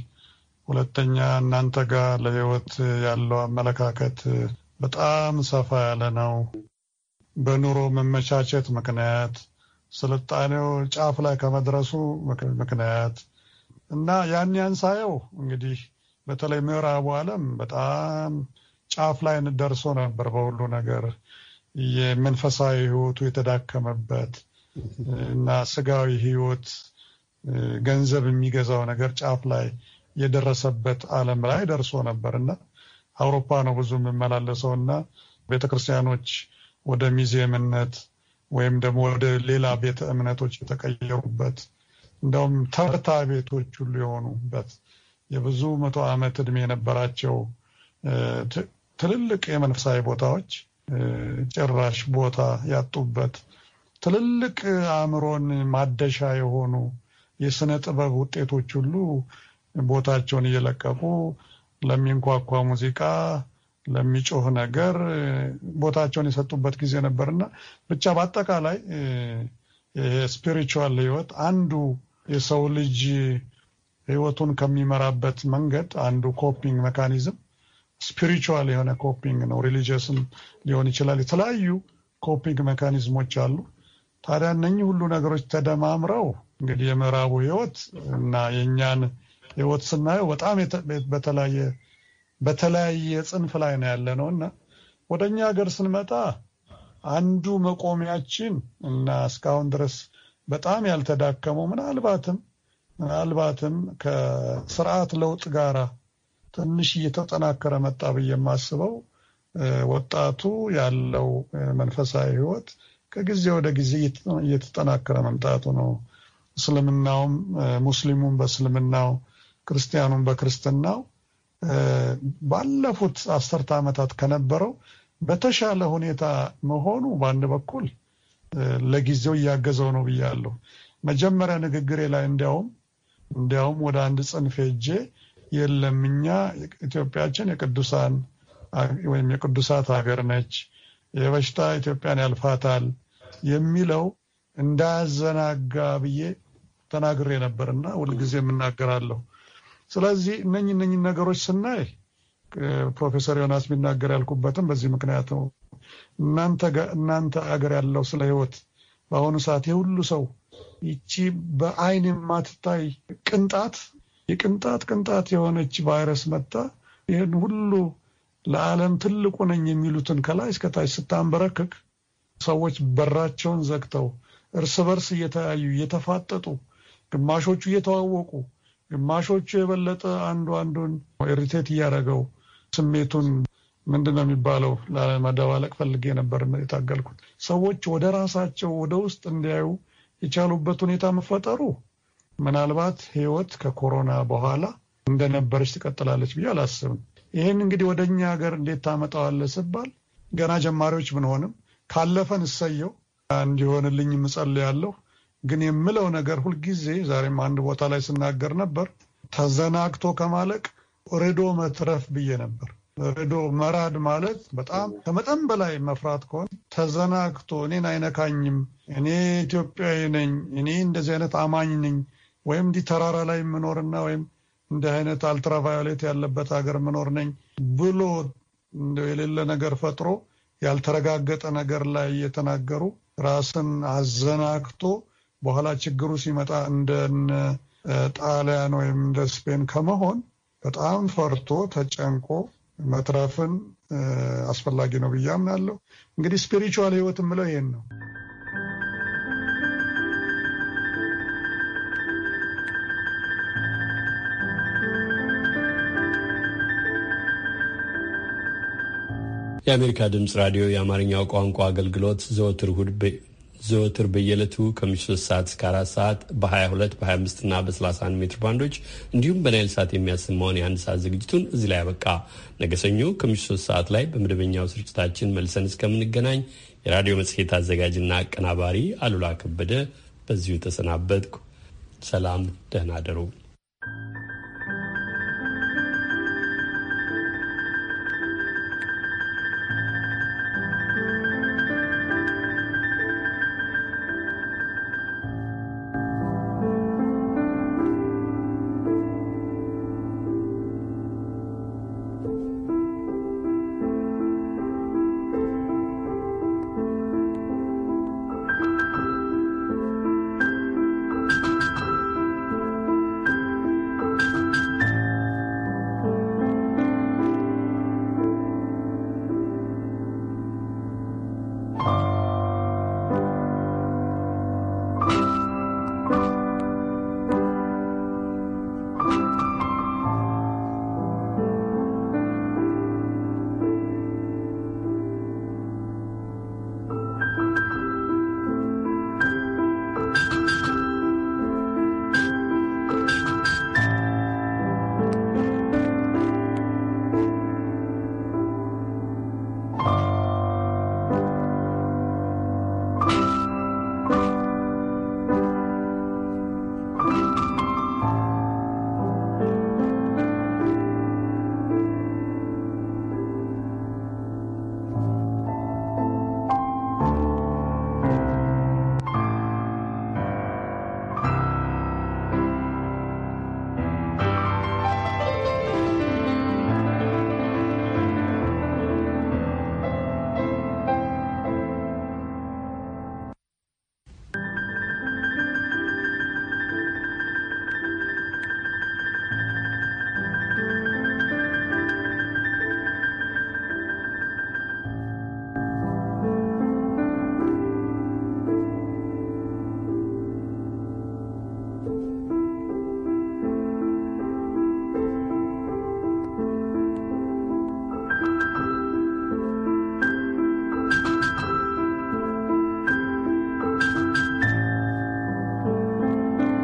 ሁለተኛ እናንተ ጋር ለህይወት ያለው አመለካከት በጣም ሰፋ ያለ ነው። በኑሮ መመቻቸት ምክንያት ስልጣኔው ጫፍ ላይ ከመድረሱ ምክንያት እና ያን ያን ሳየው እንግዲህ በተለይ ምዕራቡ ዓለም በጣም ጫፍ ላይ ደርሶ ነበር። በሁሉ ነገር የመንፈሳዊ ሕይወቱ የተዳከመበት እና ስጋዊ ሕይወት ገንዘብ የሚገዛው ነገር ጫፍ ላይ የደረሰበት ዓለም ላይ ደርሶ ነበር እና አውሮፓ ነው ብዙ የምመላለሰው እና ቤተ ክርስቲያኖች ወደ ሚዚየምነት ወይም ደግሞ ወደ ሌላ ቤተ እምነቶች የተቀየሩበት እንደውም ተርታ ቤቶች ሁሉ የሆኑበት የብዙ መቶ ዓመት ዕድሜ የነበራቸው ትልልቅ የመንፈሳዊ ቦታዎች ጭራሽ ቦታ ያጡበት ትልልቅ አእምሮን ማደሻ የሆኑ የስነ ጥበብ ውጤቶች ሁሉ ቦታቸውን እየለቀቁ ለሚንኳኳ ሙዚቃ ለሚጮህ ነገር ቦታቸውን የሰጡበት ጊዜ ነበርና ብቻ በአጠቃላይ ስፒሪቹዋል ህይወት አንዱ የሰው ልጅ ህይወቱን ከሚመራበት መንገድ አንዱ ኮፒንግ መካኒዝም ስፒሪቹዋል የሆነ ኮፒንግ ነው። ሪሊጂየስም ሊሆን ይችላል። የተለያዩ ኮፒንግ መካኒዝሞች አሉ። ታዲያ እነኚህ ሁሉ ነገሮች ተደማምረው እንግዲህ የምዕራቡ ህይወት እና የእኛን ህይወት ስናየው በጣም በተለያየ በተለያየ ጽንፍ ላይ ነው ያለ ነው እና ወደ እኛ ሀገር ስንመጣ አንዱ መቆሚያችን እና እስካሁን ድረስ በጣም ያልተዳከመው ምናልባትም ምናልባትም ከስርዓት ለውጥ ጋራ ትንሽ እየተጠናከረ መጣ ብዬ የማስበው ወጣቱ ያለው መንፈሳዊ ህይወት ከጊዜ ወደ ጊዜ እየተጠናከረ መምጣቱ ነው። እስልምናውም ሙስሊሙም በእስልምናው ክርስቲያኑም በክርስትናው ባለፉት አስርተ ዓመታት ከነበረው በተሻለ ሁኔታ መሆኑ በአንድ በኩል ለጊዜው እያገዘው ነው ብያለሁ። መጀመሪያ ንግግሬ ላይ እንዲያውም እንዲያውም ወደ አንድ ጽንፍ ሄጄ የለም እኛ ኢትዮጵያችን የቅዱሳን ወይም የቅዱሳት ሀገር ነች፣ የበሽታ ኢትዮጵያን ያልፋታል የሚለው እንዳያዘናጋ ብዬ ተናግሬ ነበርና ሁልጊዜ የምናገራለሁ ስለዚህ እነኝ እነኝ ነገሮች ስናይ ፕሮፌሰር ዮናስ የሚናገር ያልኩበትም በዚህ ምክንያት ነው። እናንተ አገር ያለው ስለ ህይወት በአሁኑ ሰዓት የሁሉ ሰው ይቺ በአይን የማትታይ ቅንጣት የቅንጣት ቅንጣት የሆነች ቫይረስ መጣ። ይህን ሁሉ ለዓለም ትልቁ ነኝ የሚሉትን ከላይ እስከታች ስታንበረክክ ሰዎች በራቸውን ዘግተው እርስ በርስ እየተያዩ እየተፋጠጡ ግማሾቹ እየተዋወቁ ግማሾቹ የበለጠ አንዱ አንዱን ኢሪቴት እያደረገው ስሜቱን ምንድን ነው የሚባለው ለመደባለቅ ፈልጌ ነበር የታገልኩት። ሰዎች ወደ ራሳቸው ወደ ውስጥ እንዲያዩ የቻሉበት ሁኔታ መፈጠሩ ምናልባት ህይወት ከኮሮና በኋላ እንደነበረች ትቀጥላለች ብዬ አላስብም። ይህን እንግዲህ ወደ እኛ ሀገር እንዴት ታመጣዋለህ ስባል ገና ጀማሪዎች ብንሆንም ካለፈን እሰየው እንዲሆንልኝ ምጸል ግን የምለው ነገር ሁልጊዜ ዛሬም አንድ ቦታ ላይ ስናገር ነበር፣ ተዘናግቶ ከማለቅ ርዶ መትረፍ ብዬ ነበር። ርዶ መራድ ማለት በጣም ከመጠን በላይ መፍራት ከሆነ ተዘናግቶ እኔን አይነካኝም፣ እኔ ኢትዮጵያዊ ነኝ፣ እኔ እንደዚህ አይነት አማኝ ነኝ ወይም እንዲህ ተራራ ላይ የምኖርና ወይም እንዲህ አይነት አልትራቫዮሌት ያለበት ሀገር ምኖር ነኝ ብሎ የሌለ ነገር ፈጥሮ ያልተረጋገጠ ነገር ላይ እየተናገሩ ራስን አዘናግቶ በኋላ ችግሩ ሲመጣ እንደነ ጣሊያን ወይም እንደ ስፔን ከመሆን በጣም ፈርቶ ተጨንቆ መትረፍን አስፈላጊ ነው ብዬ አምናለሁ። እንግዲህ ስፒሪቹዋል ህይወት የምለው ይሄን ነው። የአሜሪካ ድምፅ ራዲዮ የአማርኛው ቋንቋ አገልግሎት ዘወትር እሁድ ዘወትር በየዕለቱ ከምሽቱ 3 ሰዓት እስከ 4 ሰዓት በ22 በ25 እና በ31 ሜትር ባንዶች እንዲሁም በናይል ሰዓት የሚያሰማውን የአንድ ሰዓት ዝግጅቱን እዚህ ላይ ያበቃ። ነገ ሰኞ ከምሽቱ 3 ሰዓት ላይ በመደበኛው ስርጭታችን መልሰን እስከምንገናኝ የራዲዮ መጽሔት አዘጋጅና አቀናባሪ አሉላ ከበደ በዚሁ ተሰናበትኩ። ሰላም፣ ደህና አደሩ።